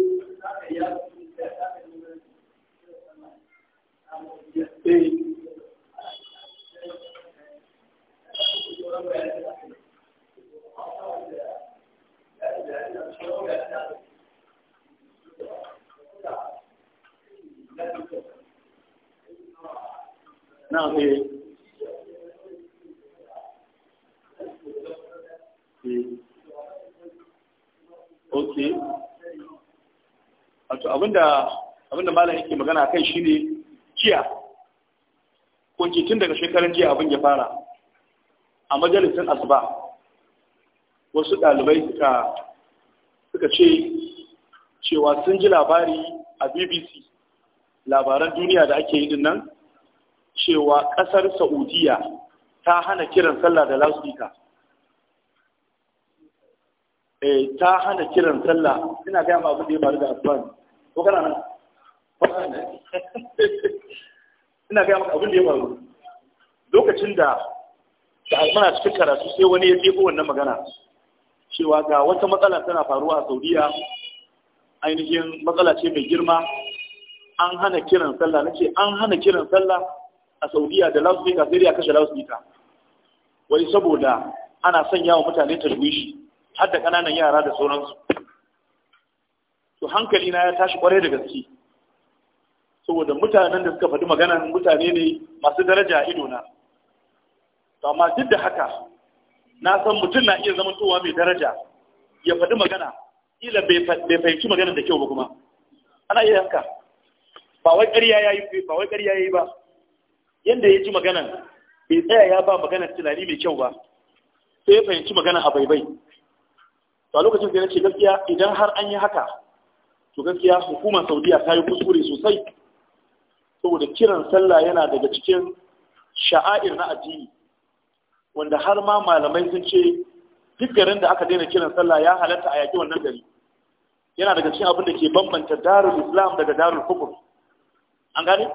eh Now, here. Eh. ok wato abinda abinda malam yake magana kai shine jiya kunci tun daga shekaran jiya abin ya fara a majalisin asuba wasu ɗalibai suka suka ce cewa sun ji labari a bbc labaran duniya da ake yi din nan cewa ƙasar saudiya ta hana kiran sallah da lasfika Eh, ta hana kiran sallah ina gaya ma abin da ya faru da asuban ko kana nan ina gaya maka abin da ya faru lokacin da da muna cikin karatu sai wani ya ɗebo wannan magana cewa ga wata matsala tana faruwa a saudiya ainihin matsala ce mai girma an hana kiran sallah na ce an hana kiran sallah a saudiya da loudspeaker sai ya kashe loudspeaker wai saboda ana sanya wa mutane tashwishi har da ƙananan yara da sauransu to hankali na ya tashi kwarai da gaske saboda mutanen da suka faɗi magana mutane ne masu daraja a idona to amma duk da haka na san mutum na iya zamantowa mai daraja ya faɗi magana ila bai fahimci magana da kyau ba kuma ana iya haka ba wai ƙarya ya yi ba wai ƙarya ya yi ba yanda ya ji maganan bai tsaya ya ba maganar tunani mai kyau ba sai ya fahimci magana a baibai to a lokacin da ce gaskiya idan har an yi haka to gaskiya hukumar saudiya ta yi kuskure sosai saboda kiran sallah yana daga cikin sha'air na addini wanda har ma malamai sun ce duk garin da aka daina kiran sallah ya halatta a yaƙi wannan gari yana daga cikin abin da ke bambanta darul islam daga darul kufur an gane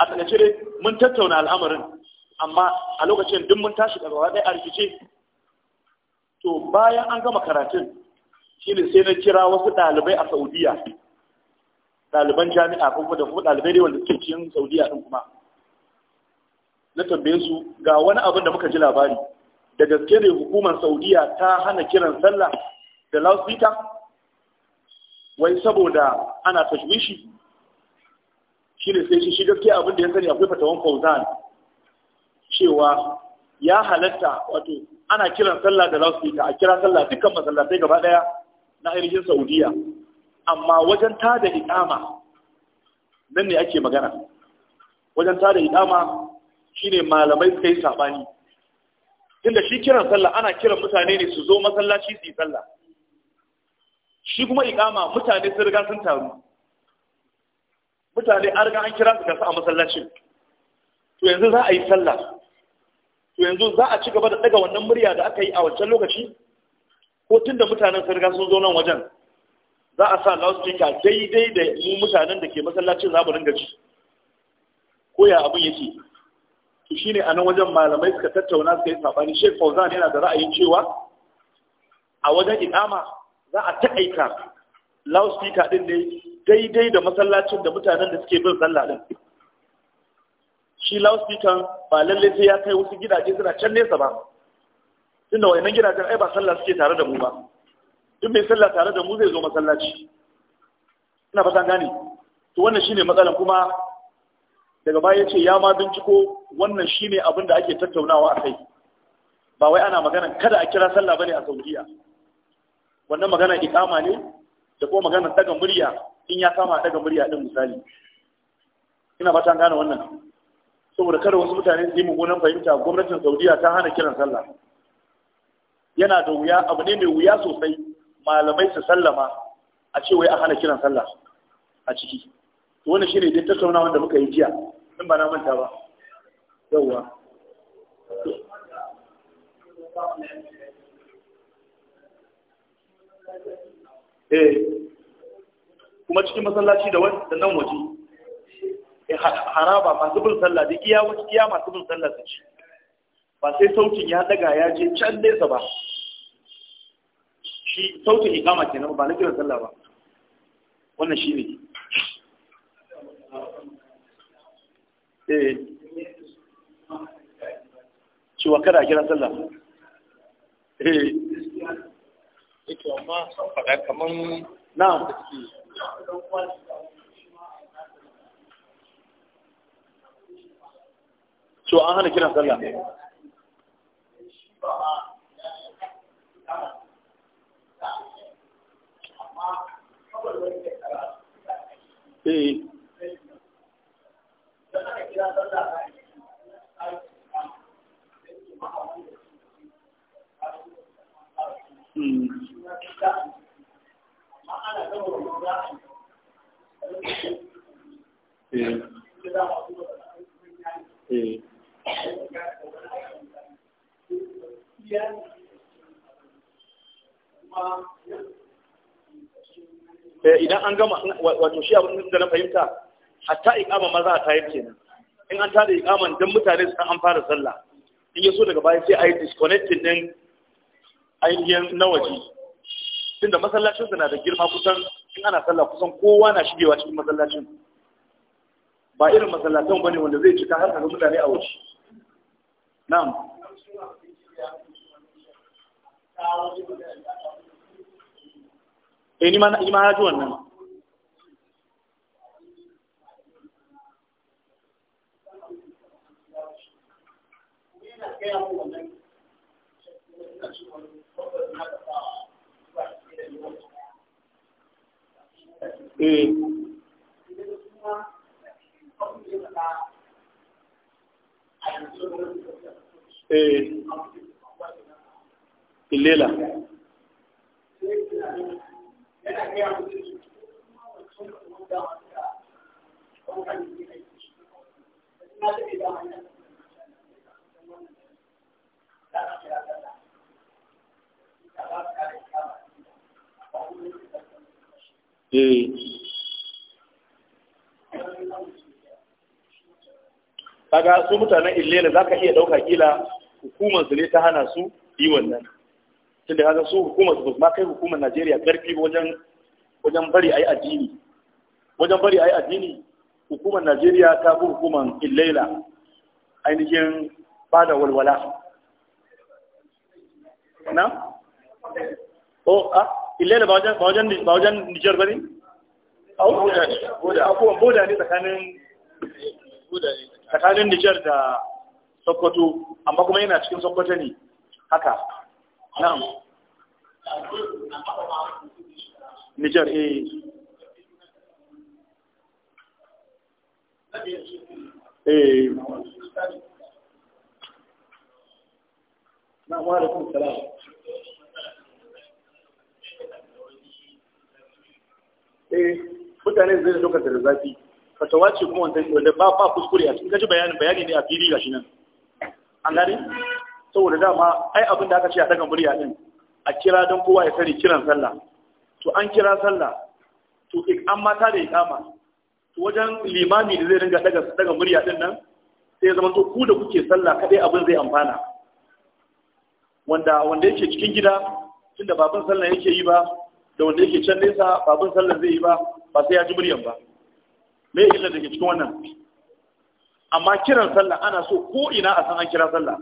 a tsanace mun tattauna al'amarin amma a lokacin duk mun tashi daga wadai a rikice to bayan an gama karatun shi ne sai na kira wasu ɗalibai a saudiya ɗaliban jami'a kuma da kuma ɗalibai ne wanda suke cikin saudiya ɗin kuma na tambaye su ga wani abin da muka ji labari da gaske ne hukumar saudiya ta hana kiran sallah da lausita wai saboda ana tashwishi shi ne sai shi shi gaske abin da ya sani akwai fatawan fauzan cewa ya halatta wato ana kiran sallah da loudspeaker a kira sallah dukkan masallatai gaba daya na ainihin saudiya amma wajen tada iqama nan ne ake magana wajen tada iqama shine malamai sai sabani inda shi kiran sallah ana kiran mutane ne su zo masallaci su yi sallah shi kuma iqama mutane sun riga sun taru mutane an riga an kira su su a masallacin to yanzu za a yi sallah to yanzu za a ci gaba da daga wannan murya da aka yi a wancan lokaci ko tun da mutanen sarga sun zo nan wajen za a sa loudspeaker daidai da mu mutanen da ke masallacin za mu ringa ci ko ya abin yake to shine a nan wajen malamai suka tattauna suka yi sabani Sheikh Fauzan yana da ra'ayin cewa a wajen idama za a taƙaita loudspeaker din ne daidai da masallacin da mutanen da suke bin sallah din shi loudspeaker ba lalle sai ya kai wasu gidaje suna can nesa ba tunda wayannan gidajen ai ba sallah suke tare da mu ba duk mai sallah tare da mu zai zo masallaci ina fata gane to wannan shine matsalan kuma daga baya yace ya ma binciko wannan shine abin da ake tattaunawa a kai. ba wai ana magana kada a kira sallah bane a Saudiya wannan magana ikama ne da kuma magana daga murya in ya kama daga murya din misali ina fatan gane wannan saboda kada wasu mutane su yi mugunan fahimta gwamnatin saudiya ta hana kiran sallah yana da wuya abu ne mai wuya sosai malamai su sallama a ce wai a hana kiran sallah a ciki to wannan shine dai tattauna wanda muka yi jiya in ba na manta ba Yauwa, eh kuma cikin masallaci da nan waje haraba masu bin sallah da iya wasu iya masu bin sallah su ci ba sai sautin ya daga ya je can nesa ba shi sautin ikama kenan ba na kiran sallah ba wannan shi ne eh wa kada kiran sallah eh ito amma sun faɗa so an hana kiran sallah eh, hmm. eh. eh. Eh, idan an gama wato shi abin da na fahimta hatta ikama maza a tayar kenan in an tada ikaman don mutane su an fara sallah in yaso daga baya sai a yi disconnecting din ainihin na waje da masallacin na da girma kusan in ana sallah kusan kowa na shigewa cikin masallacin ba irin masallatan bane wanda zai cika har kaga mutane a waje na'am eh ni ma na ji wannan Eh. ìlélà eh, illela Eh. kaga su mutanen illela za ka iya ɗauka kila hukumar su ne ta hana su yi wannan da kaga su hukumar su ba ma kai hukumar Najeriya karfi wajen wajen bari ayi addini wajen bari ayi addini hukumar Najeriya ta bi hukumar Illaila ainihin bada walwala na o a Illaila ba wajen ba wajen ba wajen Niger bane au boda ne boda ne tsakanin tsakanin da sokoto amma kuma yana cikin sokoto ne haka na'am Nijar eh eh na wa alaikum salam eh, mutane zai lokacin da zafi fatawa wace kuma wanda ba ba kuskure a cikin kaji bayani bayani ne a fili shi nan an gane saboda dama ai abin da aka ce a daga murya din a kira don kowa ya sani kiran sallah to an kira sallah to an mata da ikama to wajen limami da zai ringa daga daga murya din nan sai zama to ku da kuke sallah kadai abin zai amfana wanda wanda yake cikin gida tunda baban sallah yake yi ba da wanda yake can nesa baban sallah zai yi ba ba sai ya ji muryan ba me yake da cikin wannan amma kiran sallah ana so ko ina a san an kira sallah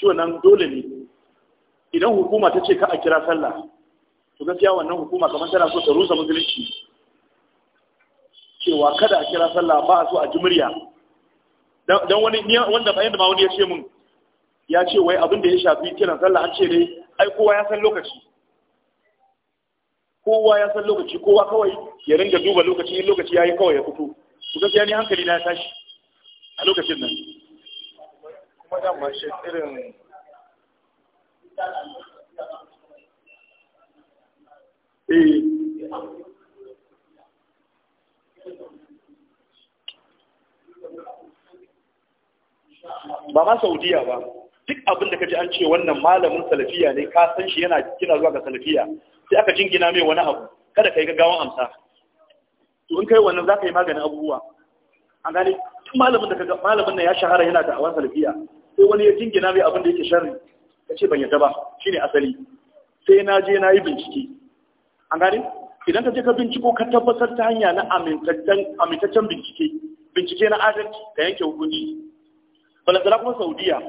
to nan dole ne idan hukuma ta ce ka a kira sallah to gaskiya wannan hukuma kamar tana so ta rusa musulunci cewa kada a kira sallah ba a so a ji murya dan wani wanda bayan da ma wani ya ce mun ya ce wai abin da ya shafi kiran sallah an ce dai ai kowa ya san lokaci kowa ya san lokaci kowa kawai ya ringa duba lokaci in lokaci yayi kawai ya fito ku gaskiya ni hankali na ya tashi a lokacin nan kuma da ma shi irin eh ba ma saudiya ba duk abin da kaji an ce wannan malamin salafiya ne ka san shi yana kina zuwa ga salafiya sai aka jingina mai wani abu kada ka kai gaggawan amsa to in kai wannan za ka yi maganin abubuwa an gane tun malamin da malamin nan ya shahara yana da awan salafiya sai wani ya jingina mai abin da yake sharri ka ce ban yadda ba shine asali sai na je na yi bincike an gane idan ka je ka binciko ka tabbatar ta hanya na amintaccen bincike bincike na adalci ka yanke hukunci balantana kuma saudiya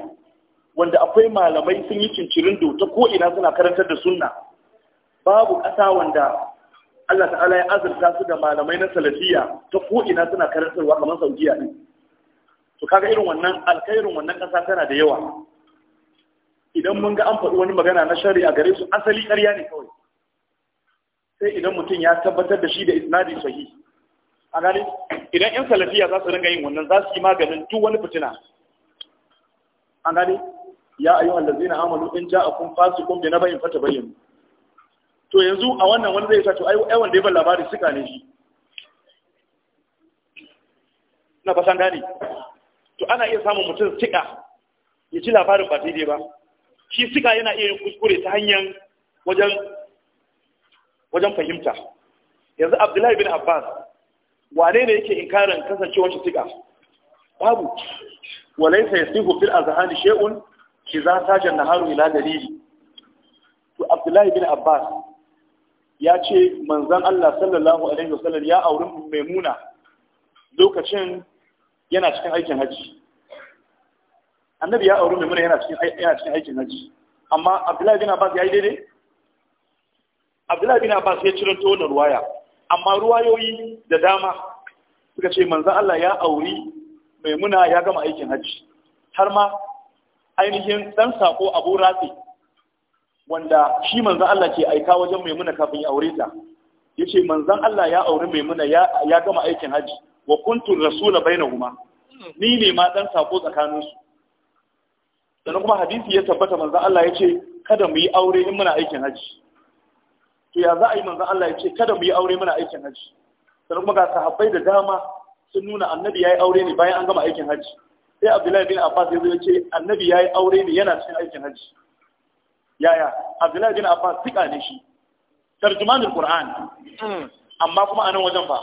wanda akwai malamai sun yi cincirin ta ko ina suna karantar da sunna babu ƙasa wanda Allah ta'ala ya azurta su da malamai na salafiya ta ko'ina suna karantarwa kamar saudiya ne to kaga irin wannan alkhairin wannan ƙasa tana da yawa idan mun ga an faɗi wani magana na a gare su asali ƙarya ne kawai sai idan mutum ya tabbatar da shi da isnadi sahi a gani idan yan salafiya za su ringa yin wannan za su yi maganin duk wani fitina a gani ya ayyuhal ladzina amanu in ja'akum fasiqun bi nabain fatabayyanu to yanzu a wannan wani zai sa to ai wanda ya ban labari suka ne shi na fasan gane to ana iya samun mutum suka ya ci labarin ba daidai ba shi sika yana iya yin kuskure ta hanyar wajen fahimta yanzu abdullahi bin abbas wane ne yake inkarin kasancewar shi suka babu walaisa sheun fil azhani shay'un idza na haru ila dalili to abdullahi bin abbas ya ce manzan Allah sallallahu alaihi wasallam ya auri maimuna lokacin yana cikin aikin hajji annabi ya auri maimuna yana cikin yana cikin aikin hajji amma Abdullahi bin Abbas ya yi daidai Abdullahi bin Abbas ya ciro ta wannan ruwaya amma ruwayoyi da dama suka ce manzan Allah ya auri maimuna ya gama aikin hajji har ma ainihin dan sako Abu Rafi wanda shi manzan Allah ke aika wajen maimuna kafin aure ta ya ce manzan Allah ya auri maimuna ya gama aikin hajji wa kuntun rasula bai huma ni ne ma ɗan sako tsakaninsu sannan kuma hadisi ya tabbata manzan Allah ya ce kada mu yi aure in muna aikin hajji to ya za a yi manzan Allah ya ce kada mu yi aure muna aikin hajji sannan kuma ga sahabbai da dama sun nuna annabi ya yi aure ne bayan an gama aikin hajji sai abdullahi bin abbas ya zo ya ce annabi ya yi aure ne yana cikin aikin hajji yaya abdullahi bin abbas sika ne shi tarjuman qur'an hmm. amma kuma anan wajen ba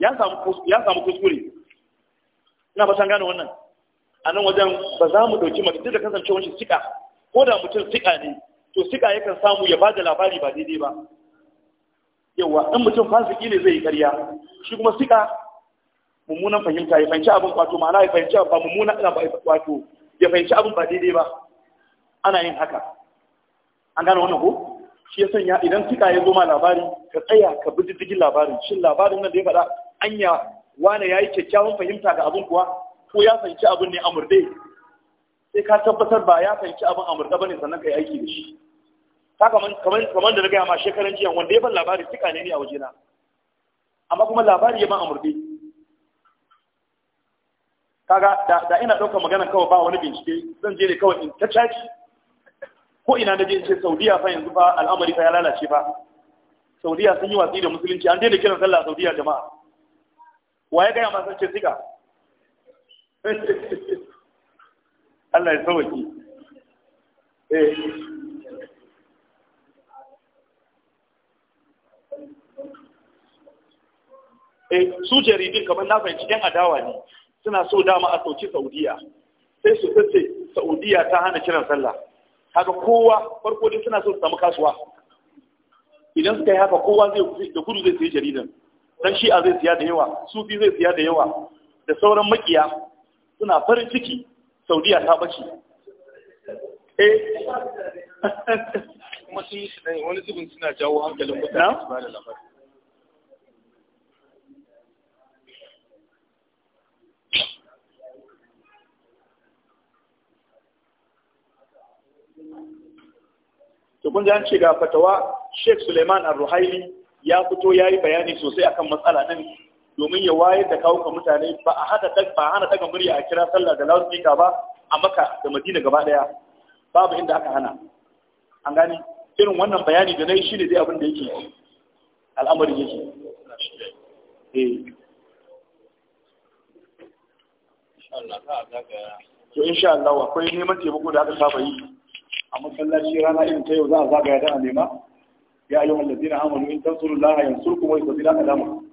ya samu ya samu kuskure ina ba san gane wannan anan wajen ba za mu dauki mutum da kasance shi sika ko da mutum sika ne to sika yakan samu ya bada labari ba daidai ba yawa in mutum fasiki ne zai yi ƙarya shi kuma sika mummunan fahimta ya fahimci abin kwato ma'ana ya fahimci ba mummunan ba ya fahimci abin ba daidai ba ana yin haka an gane wannan ko shi ya sanya idan tuka ya zo ma labari ka tsaya ka bi diddigin labarin shin labarin nan da ya faɗa anya wane ya yi kyakkyawan fahimta ga abin kuwa ko ya fahimci abin ne amurde sai ka tabbatar ba ya fahimci abin amurde ba ne sannan ka yi aiki da shi ta kamar da na gaya ma shekaran jiya wanda ya ban labari tuka ne ni a wajena amma kuma labari ya ban amurde kaga da ina ɗaukar magana kawai ba wani bincike zan je ne kawai in ta caki ko ina na je ce saudiya fa yanzu fa al'amari fa ya lalace fa saudiya sun yi watsi da musulunci an daina kiran sallah saudiya jama'a wa ya gaya masu ce siga Allah ya sauki eh eh su jaridin kamar na fahimci yan adawa ne suna so dama a sauki saudiya sai su kace saudiya ta hana kiran sallah Haka kowa farko dai suna so su samu kasuwa idan suka yi haka kowa zai da gudu zai sayi jaridan dan shi'a zai siya da yawa sufi zai siya da yawa da sauran makiya suna farin ciki saudiya ta bace eh wani zubin suna jawo hankalin mutane su ba da labari to kun ji an ce ga fatawa Sheikh Suleiman Ar-Ruhaili ya fito yayi bayani sosai akan matsala nan domin ya wayar da kawo mutane ba a hada ba hana daga murya a kira sallah da loudspeaker ba a Makka da Madina gaba daya babu inda aka hana an gani irin wannan bayani da nayi shine dai abin da yake al'amari yake eh to insha Allah akwai neman taimako da aka saba yi a masallaci rana irin ta yau za a zagaya da a nema ya ayyuhal ladina amanu in tansurullaha yansurkum wa yusabbir aqdamakum